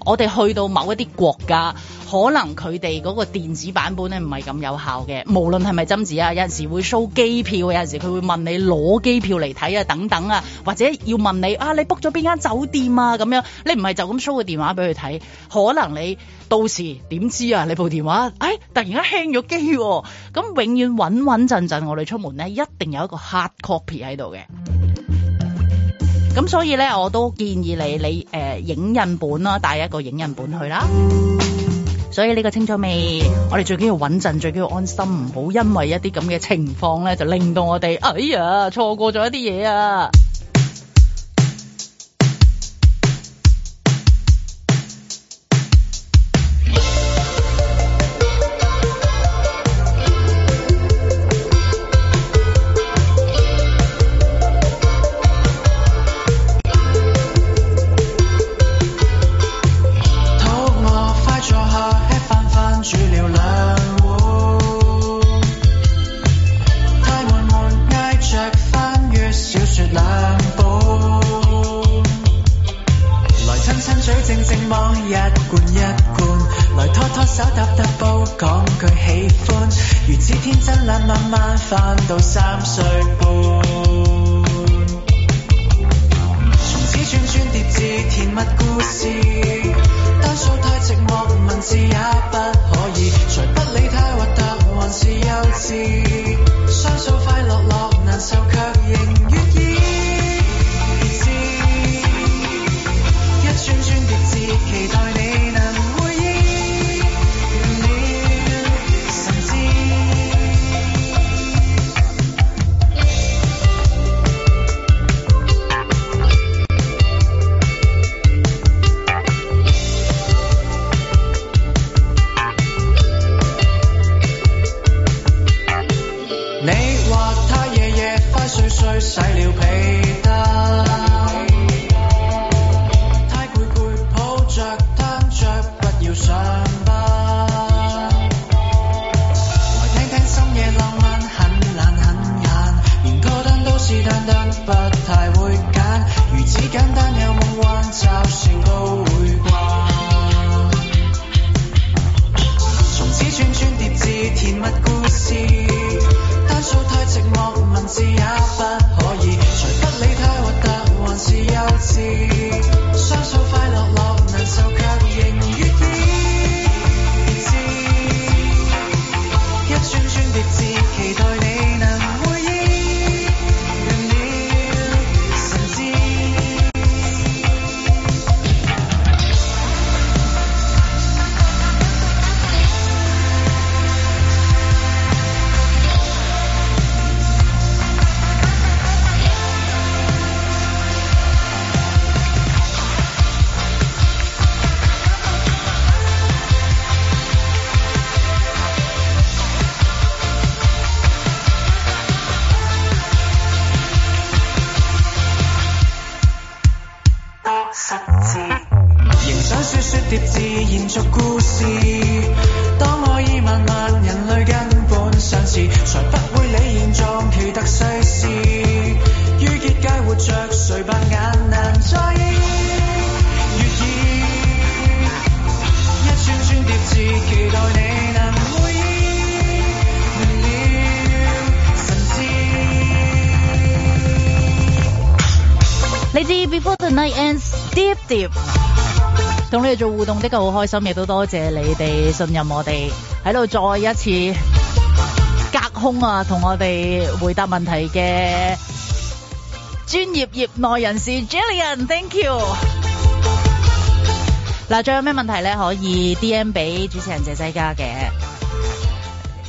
我哋去到某一啲國家，可能佢哋嗰個電子版本咧唔係咁有效嘅。無論係咪針紙啊，有陣時會 show 機票，有陣時佢會問你攞機票嚟睇啊，等等啊，或者要問你啊，你 book 咗邊間酒店啊咁樣，你唔係就咁 show 個電話俾佢睇，可能你到時點知啊？你部電話誒、哎、突然間輕咗機喎，啊，咁永遠穩穩陣陣，我哋出門咧一定有一個 hard copy 喺度嘅。咁所以咧，我都建議你，你誒、呃、影印本啦，帶一個影印本去啦。所以呢個清楚未？我哋最緊要穩陣，最緊要安心，唔好因為一啲咁嘅情況咧，就令到我哋哎呀錯過咗一啲嘢啊！一個好開心，亦都多謝你哋信任我哋喺度再一次隔空啊，同我哋回答問題嘅專業業內人士 Jillian，thank you。嗱， *music* 仲有咩問題咧？可以 DM 俾主持人謝西加嘅。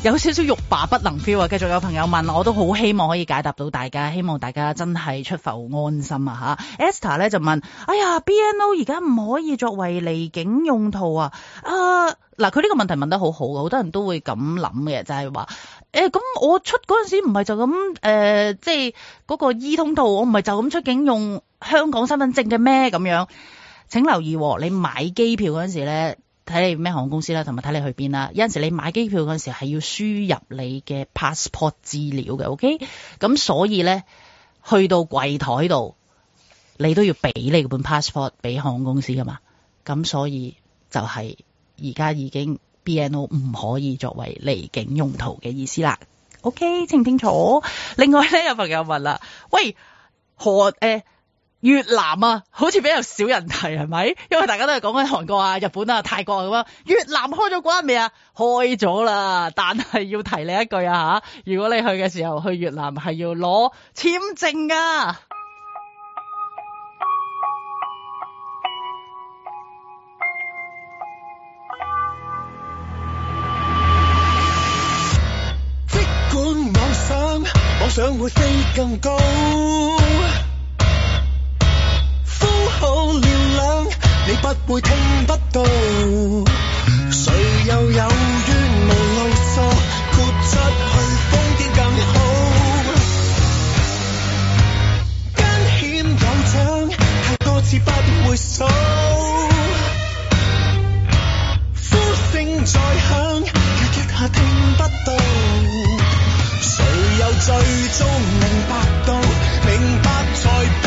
有少少欲罷不能 feel 啊！繼續有朋友問，我都好希望可以解答到大家，希望大家真係出浮安心啊吓。Esther 咧就問：哎呀，BNO 而家唔可以作為離境用途啊？啊，嗱、啊，佢呢個問題問得好好啊！好多人都會咁諗嘅，就係話誒，咁我出嗰陣時唔係就咁誒，即係嗰個二、e、通道，我唔係就咁出境用香港身份證嘅咩？咁樣請留意，哦，你買機票嗰陣時咧。睇你咩航空公司啦，同埋睇你去邊啦。有陣時你買機票嗰陣時係要輸入你嘅 passport 資料嘅，OK？咁所以咧，去到櫃台度，你都要俾你本 passport 俾航空公司噶嘛。咁所以就係而家已經 BNO 唔可以作為離境用途嘅意思啦。OK？清唔清楚？另外咧，有朋友問啦，喂，何誒？欸越南啊，好似比較少人提，係咪？因為大家都係講緊韓國啊、日本啊、泰國啊咁樣。越南開咗關未啊？開咗啦，但係要提你一句啊吓，如果你去嘅時候去越南係要攞簽證噶啊。即管妄想，妄想會飛更高。好嘹亮，你不會聽不到。誰又有冤無路訴，豁出去瘋癲更好。艱險有獎，太多次不會數。呼聲再響，卻一下聽不到。誰又最終明白到，明白在。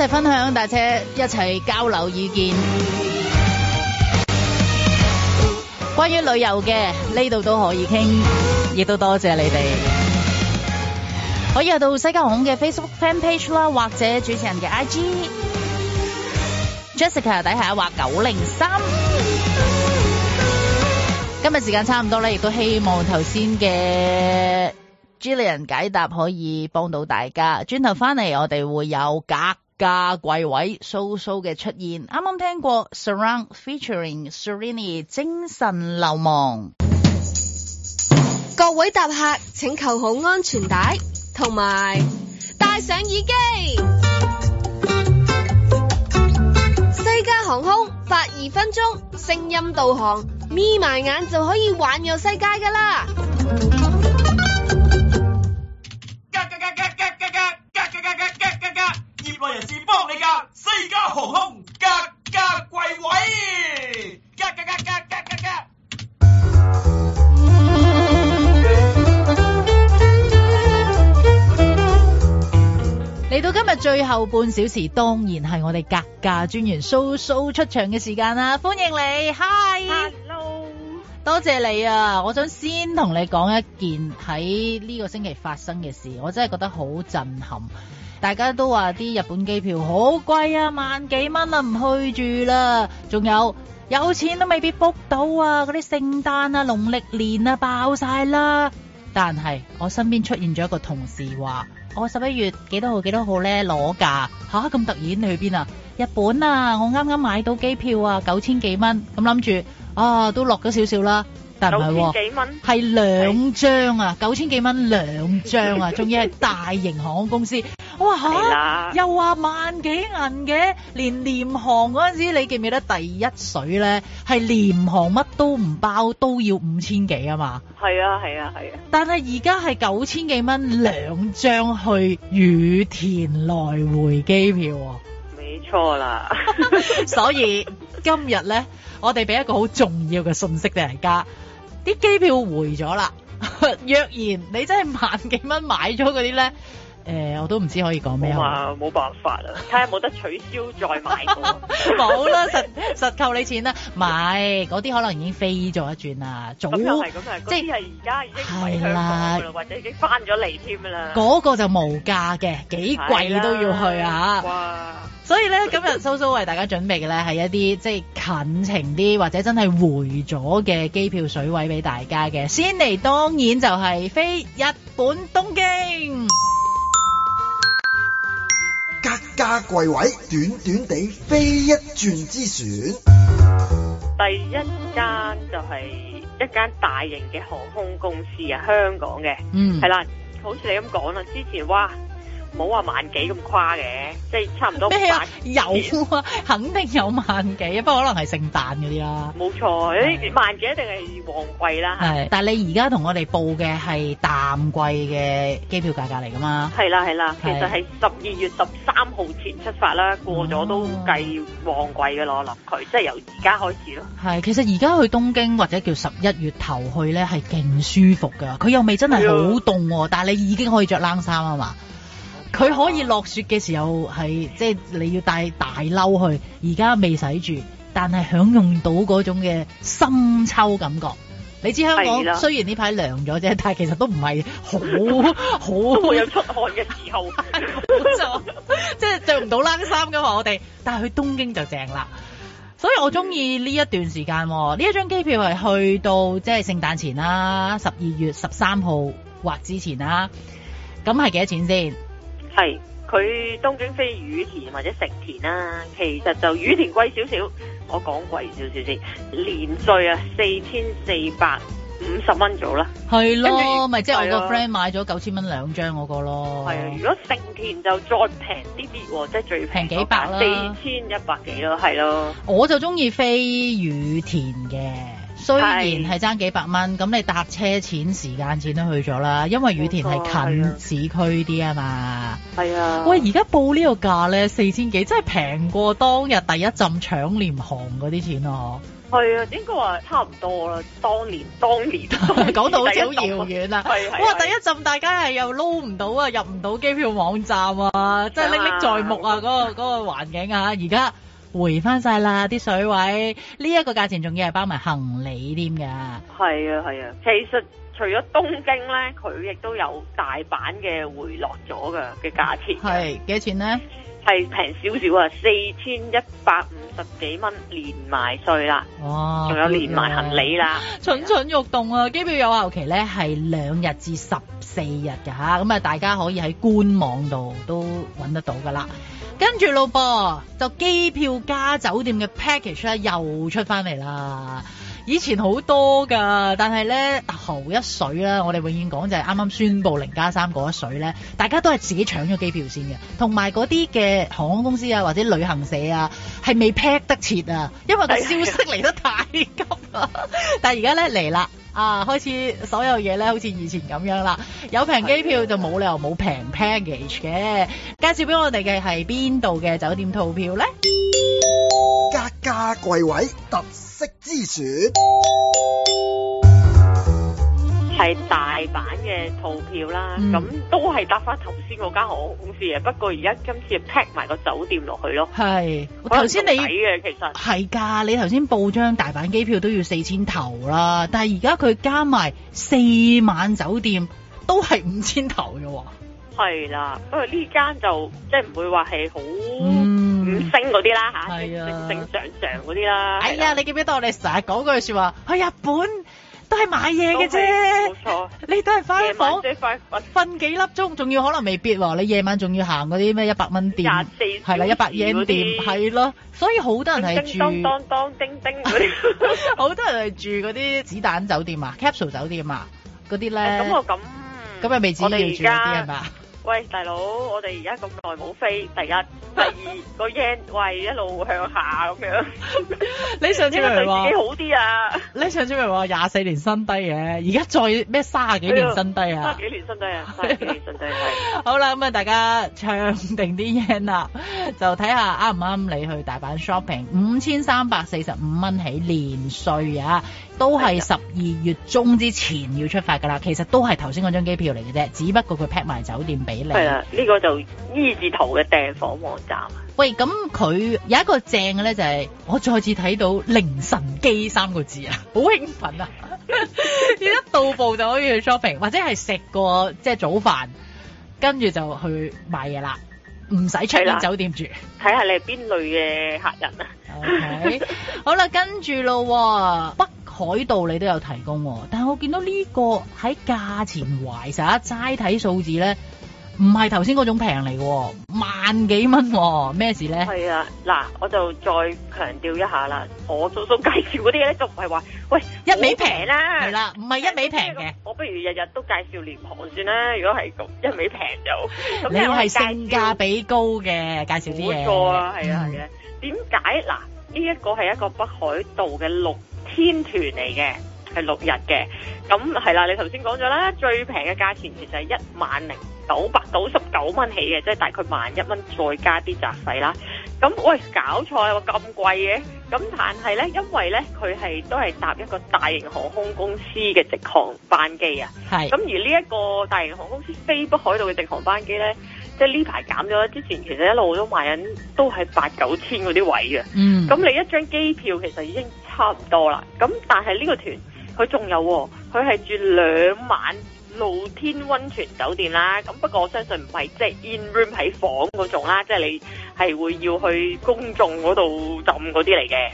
一齊分享，大車，一齊交流意見。關於旅遊嘅呢度都可以傾，亦都多謝你哋。 *music* 可以入到西加航空嘅 Facebook fan page 啦，或者主持人嘅 IG。 *music* Jessica 底下話九零三。 *music* 今日時間差唔多咧，亦都希望頭先嘅 Jillian 解答可以幫到大家。轉頭翻嚟，我哋會有格。加貴位蘇蘇嘅出現，啱啱聽過 Surround Featuring Serenity 精神流亡。各位搭客，請扣好安全帶，同埋戴上耳機。西加航空發二分鐘聲音導航，眯埋眼就可以環遊世界噶啦。業內人士幫你㗎，西加航空格價貴位，格格格格格。嚟到今日最後半小時，當然係我哋格價專員蘇蘇出場嘅時間啦！歡迎你，Hi，Hello 多謝你啊！我想先同你講一件喺呢個星期發生嘅事，我真係覺得好震撼。大家都話啲日本機票好貴啊，萬幾蚊啊，唔去住啦。仲有有錢都未必 book 到啊，嗰啲聖誕啊、農曆年啊爆晒啦。但係我身邊出現咗一個同事話：我十一月幾多號幾多號咧攞假吓，咁突然你去邊啊？日本啊，我啱啱買到機票啊，九千幾蚊咁諗住啊，都落咗少少啦。但係九千幾蚊係兩張啊，九千幾蚊兩張啊，仲要係大型航空公司。 *laughs* 哇吓！又話萬幾銀嘅，連廉航嗰陣時，你記唔記得第一水咧係廉航乜都唔包，都要五千幾啊嘛？係啊係啊係啊！但係而家係九千幾蚊兩張去羽田來回機票，冇錯啦。所以今日咧，我哋俾一個好重要嘅信息俾大家，啲機票回咗啦。若然你真係萬幾蚊買咗嗰啲咧。誒，我都唔知可以講咩話，冇吧辦法啦、啊，睇下冇得取消再買冇啦， *laughs* 實實扣你錢啦。 *laughs* 買嗰啲可能已經飛咗一轉啦，早即係而家已經係啦，的或者已經翻咗嚟添啦。嗰個就無價嘅，幾貴都要去呀、啊。哇！所以咧，今日蘇蘇為大家準備嘅咧係一啲即係近程啲，或者真係回咗嘅機票水位俾大家嘅。先嚟當然就係飛日本東京。各家貴位，短短地飛一轉之選。第一間就係一間大型嘅航空公司啊，香港嘅，嗯，係啦，好似你咁講啦，之前哇。冇話萬幾咁誇嘅，即係差唔多、啊。有啊，肯定有萬幾，不過可能係聖誕嗰啲啦。冇錯，欸、是萬幾一定係旺季啦。係，但係你而家同我哋報嘅係淡季嘅機票價格嚟㗎嘛？係啦、啊，係啦，其實係十二月十三號前出發啦，過咗都計旺季㗎啦。我諗佢即係由而家開始咯。係，其實而家去東京或者叫十一月頭去咧，係勁舒服㗎。佢又未真係好凍喎，啊、但係你已經可以着冷衫啊嘛。佢可以落雪嘅時候係即係你要帶大褸去，而家未使住，但係享用到嗰種嘅深秋感覺。你知香港的雖然呢排涼咗啫，但係其實都唔係好好冇出汗嘅時候，即係著唔到冷衫噶嘛，我哋。但係去東京就正啦，所以我中意呢一段時間。呢一張機票係去到即係、就是、聖誕前啦，十二月十三號或之前啦，咁係幾多錢先？係，佢東京飛羽田或者成田啦，啊，其實就羽田貴少少，我講貴少少先，連稅啊四千四百五十蚊左右啦，係咯，咪後即係我個 friend 買咗九千蚊兩張嗰個咯，係啊，如果成田就再平啲啲喎，即係最平，那個，幾百四千一百幾咯，係咯，我就中意飛羽田嘅。雖然係爭幾百蚊，咁是你搭車錢、時間錢都去咗啦，因為羽田係近市區啲啊嘛。係啊！喂，而家報呢個價咧，四千幾真係平過當日第一陣搶廉航嗰啲錢啊！係啊，應該話差唔多啦。當年當年講 *laughs* 到好似好遙遠啊！哇，第一陣大家係又撈唔到啊，入唔到機票網站啊，是的真係歷歷在目啊！嗰個嗰個環境啊，而家。回翻晒啦，啲水位呢一個價錢仲要係包埋行李添㗎，係啊係啊。其實除咗東京咧，佢亦都有大阪嘅回落咗噶嘅價錢，係幾多錢咧？係平少少啊，四千一百五十幾蚊連埋稅啦，哇哦，仲有連埋行李啦，蠢蠢欲動啊！機票的、啊、有效期咧係兩日至十四日嘅嚇，咁啊大家可以喺官網度都揾得到㗎啦。跟住老噃，就機票加酒店嘅 package 咧又出翻嚟啦。以前好多噶，但係咧頭一水啦。我哋永遠講就係啱啱宣布零加三嗰一水咧，大家都係自己搶咗機票先嘅，同埋嗰啲嘅航空公司啊或者旅行社啊係未 pack 得切啊，因為個消息嚟得太急啦。 *laughs* 但係而家咧嚟啦。啊！開始所有嘢咧，好似以前咁樣啦。有平機票就冇理由冇平 package 嘅。介紹俾我哋嘅係邊度嘅酒店套票咧？家家貴位，特色之選。係大阪嘅套票啦，咁、嗯、都係搭翻頭先嗰間航空公司嘅，不過而家今次 pack 埋個酒店落去咯。係是，我頭先你睇嘅其實係噶，你頭先報張大阪機票都要四千頭啦，但係而家佢加埋四晚酒店都係五千頭嘅話。係啦，不過呢間就即係唔會話係好五星嗰啲啦吓，正正常常嗰啲啦。哎呀的，你記唔記得我哋成日講句說話，去日本？都係買嘢嘅啫，都你都係翻房瞓幾粒鐘，仲要可能未必喎。你夜晚仲要行嗰啲咩一百蚊店，係啦一百 yen 店，係咯些。所以好多人係住叮叮噹噹叮叮嗰啲，好 *laughs* 多人係住嗰啲子彈酒店啊，capsule 酒店啊，嗰啲咧。咁、欸、我咁咁又未至要住嗰啲係嘛？喂，大佬，我哋而家咁耐冇飛，第一、第二個 yen， *laughs* 喂，一路向下咁樣。 *laughs* 你上次咪對自己好啲啊？ *laughs* 你上次咪話廿四年新低嘅，而家再咩卅幾年新低啊？卅幾年新低啊！卅幾年新低。 *laughs* *laughs* 好啦，咁啊，大家唱定啲 yen 啊，就睇下啱唔啱你去大阪 shopping 五千三百四十五蚊起年稅啊！都係十二月中之前要出發㗎啦，其實都係頭先嗰張機票嚟嘅啫，只不過佢 pack 埋酒店俾你。係啦，呢、這個就依字圖嘅訂房網站。喂，咁佢有一個正嘅咧、就係，就係我再次睇到凌晨機三個字啊，好興奮啊！而 *laughs* 家 *laughs* 到步就可以去 shopping，或者係食個即係早飯，跟住就去買嘢啦，唔使出面酒店住。睇下你係邊類嘅客人啊！ *laughs* okay, 好啦，跟住咯海道你都有提供，但係我見到呢個喺價錢位，實齋睇數字咧，唔係頭先嗰種平嚟，萬幾蚊咩事咧？係啊，嗱，我就再強調一下啦，我做做介紹嗰啲咧，就唔係話喂一味平啦，係啦、啊，唔係、啊、一味平嘅。我不如日日都介紹廉航算啦，如果係咁一味平就，你要係性價比高嘅介紹啲嘢，冇錯啊，係啊，係嘅、啊。點解嗱？呢一個係一個北海道嘅六天團嚟嘅，係六日嘅。咁係啦，你頭先講咗啦，最平嘅價錢其實係一萬零九百九十九蚊起嘅，即係大概萬一蚊再加啲雜費啦。咁喂，搞錯啊！喎，咁貴嘅？咁但係呢，因為呢，佢係都係搭一個大型航空公司嘅直航班機啊。咁是而呢一個大型航空公司飛北海道嘅直航班機呢。即係呢排減咗，之前其實一路都賣緊都係八九千嗰啲位嘅。咁、嗯、你一張機票其實已經差唔多啦。咁但係呢個團佢仲有、哦，佢係住兩晚露天溫泉酒店啦。咁不過我相信唔係即係 in room 喺房嗰種啦，即、就、係、是、你係會要去公眾嗰度浸嗰啲嚟嘅。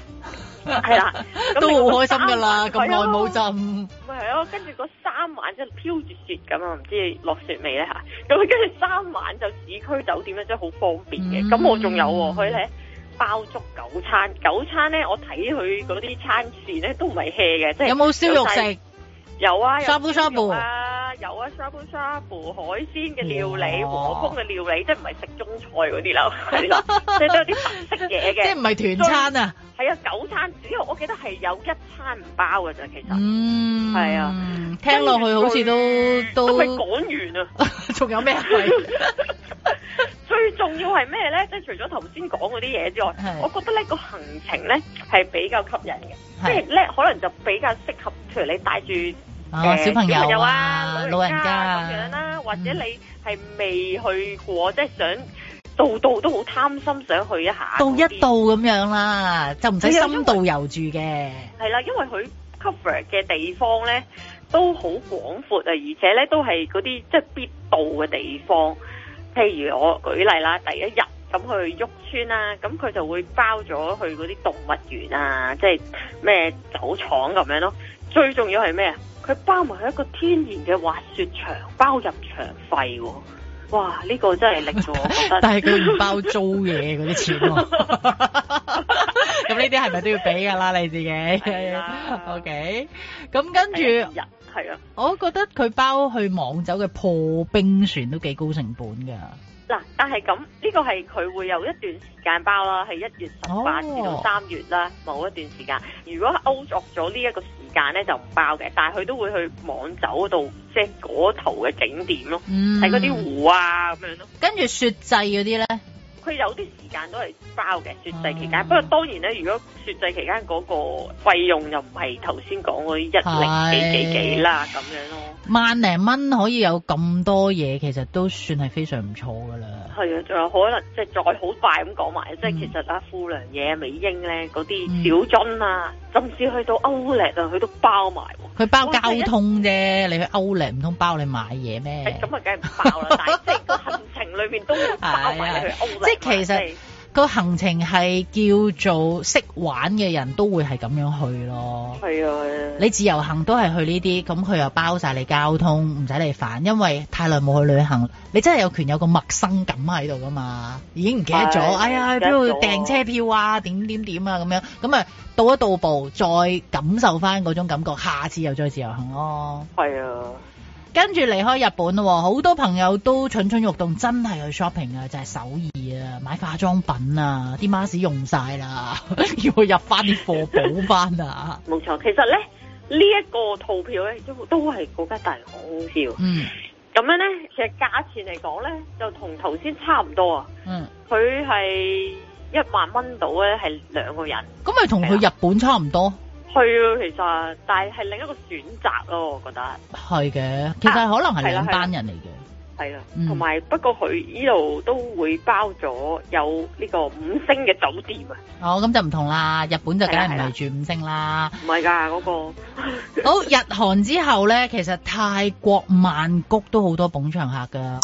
係啦，都好開心噶啦。咁耐冇浸。唔係咯，跟住嗰三晚即係飄住雪咁啊，唔知落雪未咧吓！咁跟住三晚就市區酒店咧，真係好方便嘅。咁、嗯、我仲有佢咧、嗯、包足九餐，九餐咧我睇佢嗰啲餐線咧都唔係 hea 嘅，即係有冇燒肉食？有啊，沙煲沙煲啊，有啊，沙煲沙煲，海鮮嘅料理，和風嘅料理，即係唔係食中菜嗰啲啦，即係都有啲特色嘢嘅，即係唔係團餐啊，係啊，九餐，只要我記得係有一餐唔包㗎咋，其實，嗯，係啊，聽落去好似都都，都未講完啊，仲有咩啊？最重要係咩咧？即係除咗頭先講嗰啲嘢之外，我覺得呢個行程咧係比較吸引嘅，即係咧可能就比較適合，譬如你帶住。小朋友啊，老人家咁樣啦，或者你係未去過，即係想度度都好貪心想去一下，到一度咁樣啦，就唔使深度遊住嘅。係啦，因為佢 cover 嘅地方咧都好廣闊啊，而且咧都係嗰啲即係必到嘅地方。譬如我舉例啦，第一日咁去鬱川啦，咁佢就會包咗去嗰啲動物園啊，即係咩酒廠咁樣咯。最重要係咩啊？佢包埋係一個天然嘅滑雪場，包入場費喎。哇！呢、呢個真係力咗我，但係佢唔包租嘢嗰啲錢喎。咁呢啲係咪都要俾㗎啦？你自己。係啊。O *noise* K。咁跟住，係啊。我都覺得佢包去網走嘅破冰船都幾高成本㗎。嗱，但係咁呢個係佢會有一段時間包啦，係一月十八至到三月啦，oh. 某一段時間。如果歐作咗呢一個時間咧，就唔包嘅。但係佢都會去網走度即係嗰頭嘅景點咯，睇嗰啲湖啊咁樣咯。跟住雪祭嗰啲咧。佢有啲時間都係包嘅雪祭期間，嗯、不過當然咧，如果雪祭期間嗰個費用又唔係頭先講嗰啲一零幾幾幾啦咁是樣咯。萬零蚊可以有咁多嘢，其實都算係非常唔錯噶啦。係啊，仲有可能即係再好快咁講埋，即係其實阿富良野、美瑛咧嗰啲小樽啊。嗯。甚至去到歐力啊，佢都包埋喎。佢包交通啫，的你去歐力唔通包你買嘢咩？咁啊、欸，梗係唔包啦，但係即係 *laughs* 個行程裏邊都包埋你去歐力。即其實。個行程係叫做識玩嘅人都會係咁樣去咯，係啊，係你自由行都係去呢啲，咁佢又包曬你交通，唔使你煩，因為太耐冇去旅行，你真係有權有個陌生感喺度㗎嘛，已經唔記得咗。的哎呀，邊度訂車票啊？點點點啊？咁樣咁啊，到一到步再感受翻嗰種感覺，下次又再自由行咯。係啊。跟住離開日本咯，好多朋友都蠢蠢欲動，真係去 shopping 啊，就係、是、手兒啊，買化妝品啊，啲 mask 用晒啦， *laughs* 要入翻啲貨補翻啊。冇錯，其實呢，呢、這、一個套票呢，都係係嗰間大好票，嗯，咁樣呢，其實價錢嚟講呢，就同頭先差唔多啊，嗯，佢係一萬蚊到呢，係兩個人，咁咪同佢日本差唔多。係啊，其實但係係另一個選擇咯、啊，我覺得係嘅，其實可能係兩班人嚟嘅，係啦、啊，同埋、嗯、不過佢呢度都會包咗有呢個五星嘅酒店啊。哦，咁就唔同啦，日本就梗係唔係住五星啦，唔係噶嗰個。 *laughs* 好，日韓之後咧，其實泰國曼谷都好多捧場客噶，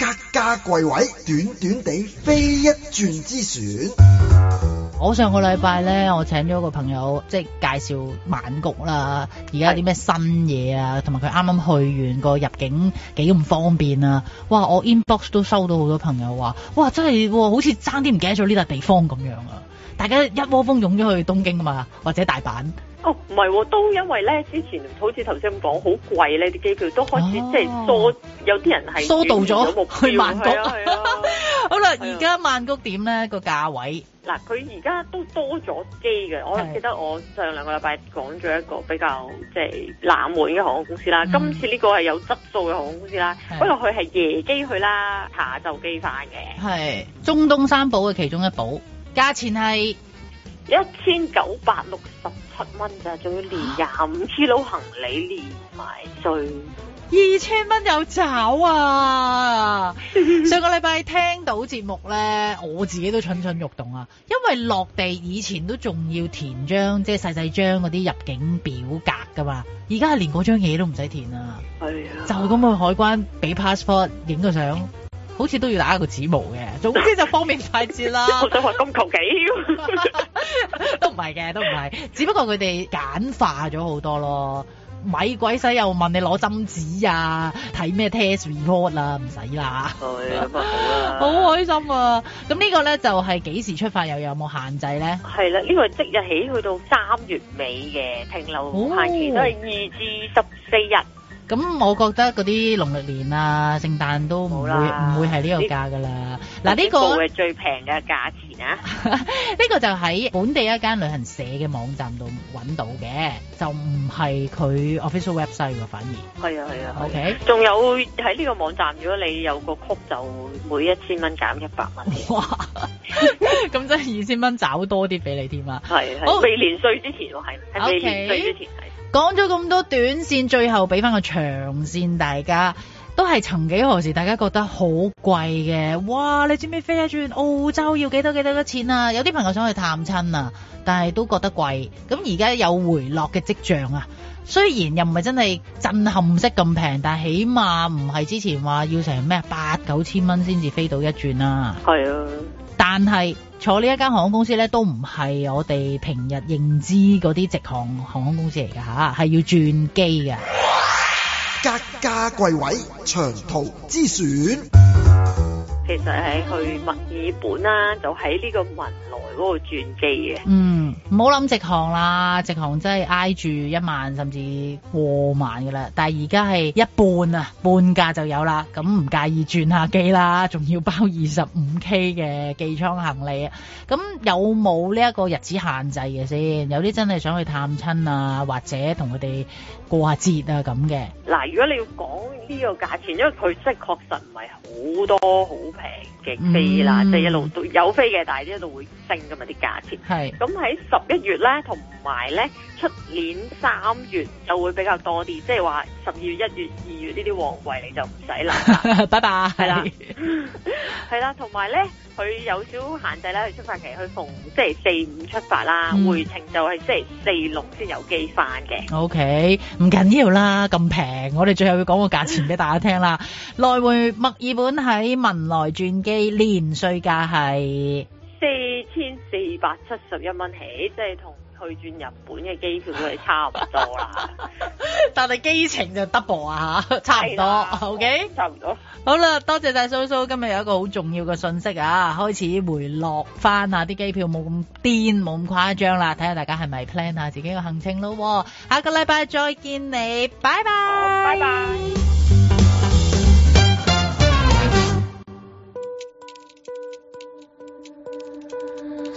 格價櫃位，短短地飛一轉之選。我上個禮拜咧，我請咗個朋友，即係介紹曼谷啦，而家有啲咩新嘢啊，同埋佢啱啱去完個入境幾咁方便啊！哇，我 inbox 都收到好多朋友話，哇，真係好似差啲唔記得咗呢笪地方咁樣啊！大家一窩蜂湧咗去東京啊嘛，或者大阪。哦，唔係、哦，都因為咧，之前好似頭先咁講，好貴呢啲機票，機都開始即係多，哦、有啲人係多到咗去曼谷。啊啊啊、 *laughs* 好啦，而家曼谷點咧、呢個價位？嗱，佢而家都多咗機嘅。是我記得我上兩個禮拜講咗一個比較即係冷門嘅航空公司啦。嗯、今次呢個係有質素嘅航空公司啦，是不過佢係夜機去啦，下晝機翻嘅。係。中東三寶嘅其中一寶，價錢係。一千九百六十七蚊咋，仲要連廿五 K 佬行李連埋稅，二千蚊有找啊！上個禮拜聽到節目咧，我自己都蠢蠢欲動啊，因為落地以前都仲要填張即係細細張嗰啲入境表格噶嘛，而家連嗰張嘢都唔使填啊！係 *laughs* 就咁去海關俾 passport 影個相。 *laughs* 好似都要打一個指模嘅，總之就方便快捷啦。 *laughs* 我想話咁求其都唔係嘅，都唔係，只不過佢哋簡化咗好多咯。咪鬼使又問你攞針紙啊，睇咩 test report 啦、啊，唔使啦。咁 *laughs* 啊好啊，好開心啊！咁呢個咧就係幾時出發又有冇限制咧？係啦，呢、這個即日起去到三月尾嘅停留期限都係二至十四日。咁我覺得嗰啲農曆年啊、聖誕都唔會唔會係呢個價㗎啦。嗱，呢個係最平嘅價錢啊！呢個就喺本地一間旅行社嘅網站度揾到嘅，就唔係佢 official website 㗎。反而。係啊係啊。OK，仲有喺呢個網站，如果你有個 coupon 就每一千蚊減一百蚊。哇！咁真係二千蚊找多啲俾你添啊！係係。未連稅之前喎，係未連稅之前。講咗咁多短線，最後俾翻個長線，大家都係曾幾何時，大家覺得好貴嘅，哇！你知唔知飛一轉澳洲要幾多幾多錢啊？有啲朋友想去探親啊，但係都覺得貴。咁而家有回落嘅跡象啊，雖然又唔係真係震撼式咁平，但係起碼唔係之前話要成咩八九千蚊先至飛到一轉啦。係啊，啊但係。坐呢一間航空公司咧，都唔係我哋平日認知嗰啲直航航空公司嚟噶吓，係要轉機嘅，格價貴位，長途之選。其實係去墨爾本啦，就喺呢個文萊嗰度轉機嘅。嗯，唔好諗直航啦，直航真係挨住一萬甚至過萬噶啦。但係而家係一半啊，半價就有啦。咁唔介意轉下機啦，仲要包二十五 K 嘅寄艙行李啊。咁有冇呢一個日子限制嘅先？有啲真係想去探親啊，或者同佢哋。報下折啊咁嘅，嗱，如果你要講呢個價錢，因為佢即係確實唔係好多好平嘅飛啦，即係、嗯、一路都有飛嘅，但係一路會升㗎嘛啲價錢係。咁喺十一月咧，同埋咧出年三月就會比較多啲，即係話十二月、一月、二月呢啲旺季你就唔使諗，拜拜係啦，係啦， *laughs* 同埋咧。佢有少少限制咧，佢出發期去逢星期四,四五出發、嗯、會 okay，啦，回程就係星期四六先有機翻嘅。O K，唔緊要啦，咁平，我哋最後要講個價錢俾大家聽啦。來回墨爾本喺文萊轉機年稅價係四千四百七十一蚊起，即係同。去轉日本嘅機票都係差唔多啦， *laughs* 但係機程就 double 啊，差唔多，OK，差唔多，好啦，多謝晒蘇蘇今日有一個好重要嘅信息啊，開始回落翻下啲機票冇咁癲，冇咁誇張啦，睇下大家係咪 plan 下自己嘅行程咯，下個禮拜再見你，拜拜，拜拜。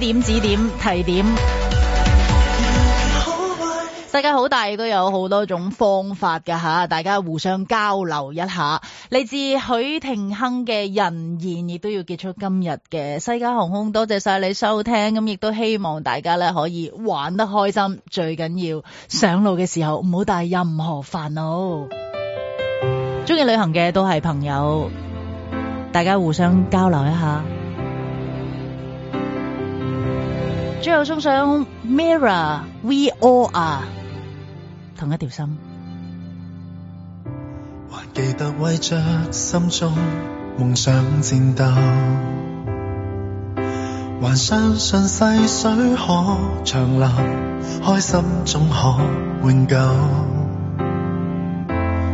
點指點提點，世界好大，亦都有好多種方法㗎吓，大家互相交流一下。嚟自許廷鏗嘅人言，亦都要結束今日嘅西加航空，多謝晒你收聽，咁亦都希望大家咧，可以玩得開心，最緊要上路嘅時候唔好帶任何煩惱。中意旅行嘅都係朋友，大家互相交流一下。最後送上 Mirror We All Are 同一條心。還記得為着心中夢想戰鬥，還相信細水可長流，開心總可永久。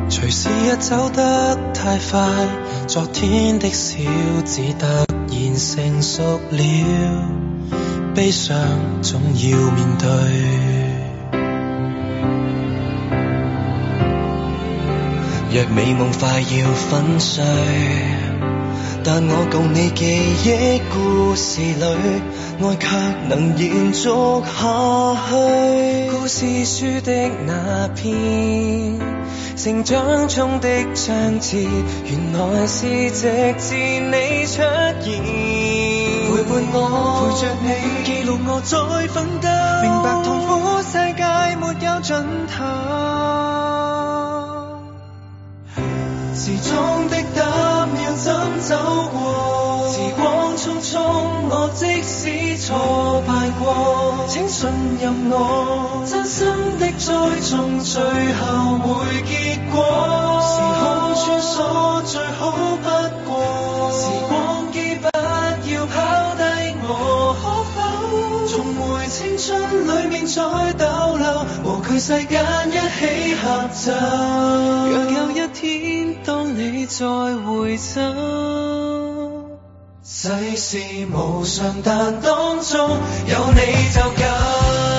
隨時一、啊、走得太快，昨天的小子突然成熟了。悲傷總要面對，若美夢快要粉碎，但我共你記憶故事裏，愛卻能延續下去。故事書的那篇，成長中的章節，原來是直至你出現。陪，陪着你，記錄我再奮鬥，明白痛苦世界沒有盡頭。時鐘的打要怎走過，時光匆匆，我即使挫敗過，請信任我，真心的栽種，最後會結果。時空穿梭最好。全世界一起合奏。若有一天當你再回首，世事無常，但當中有你就夠。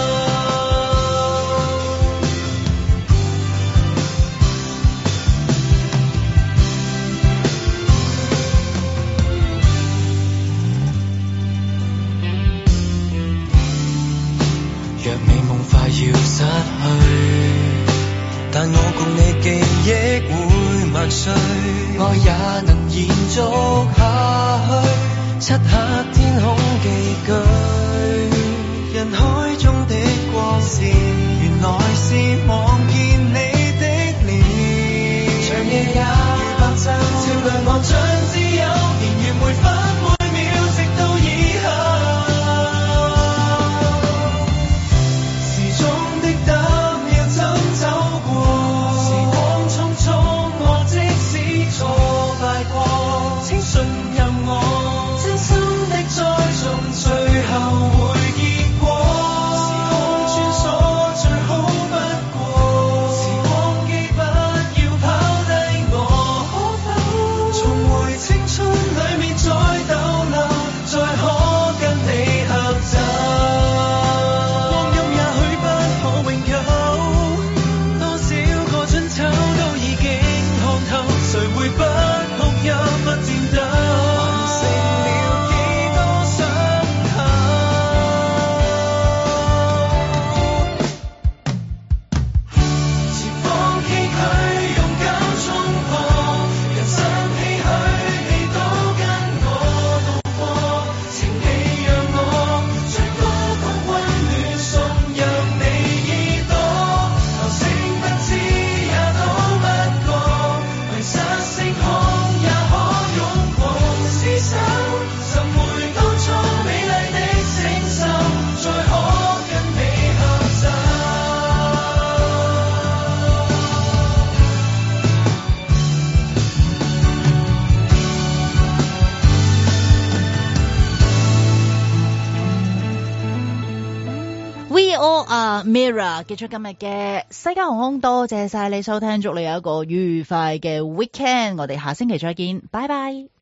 Mira 結束今日嘅西加航空，多謝晒你收聽，祝你有一個愉快嘅 weekend。我哋下星期再見，拜拜。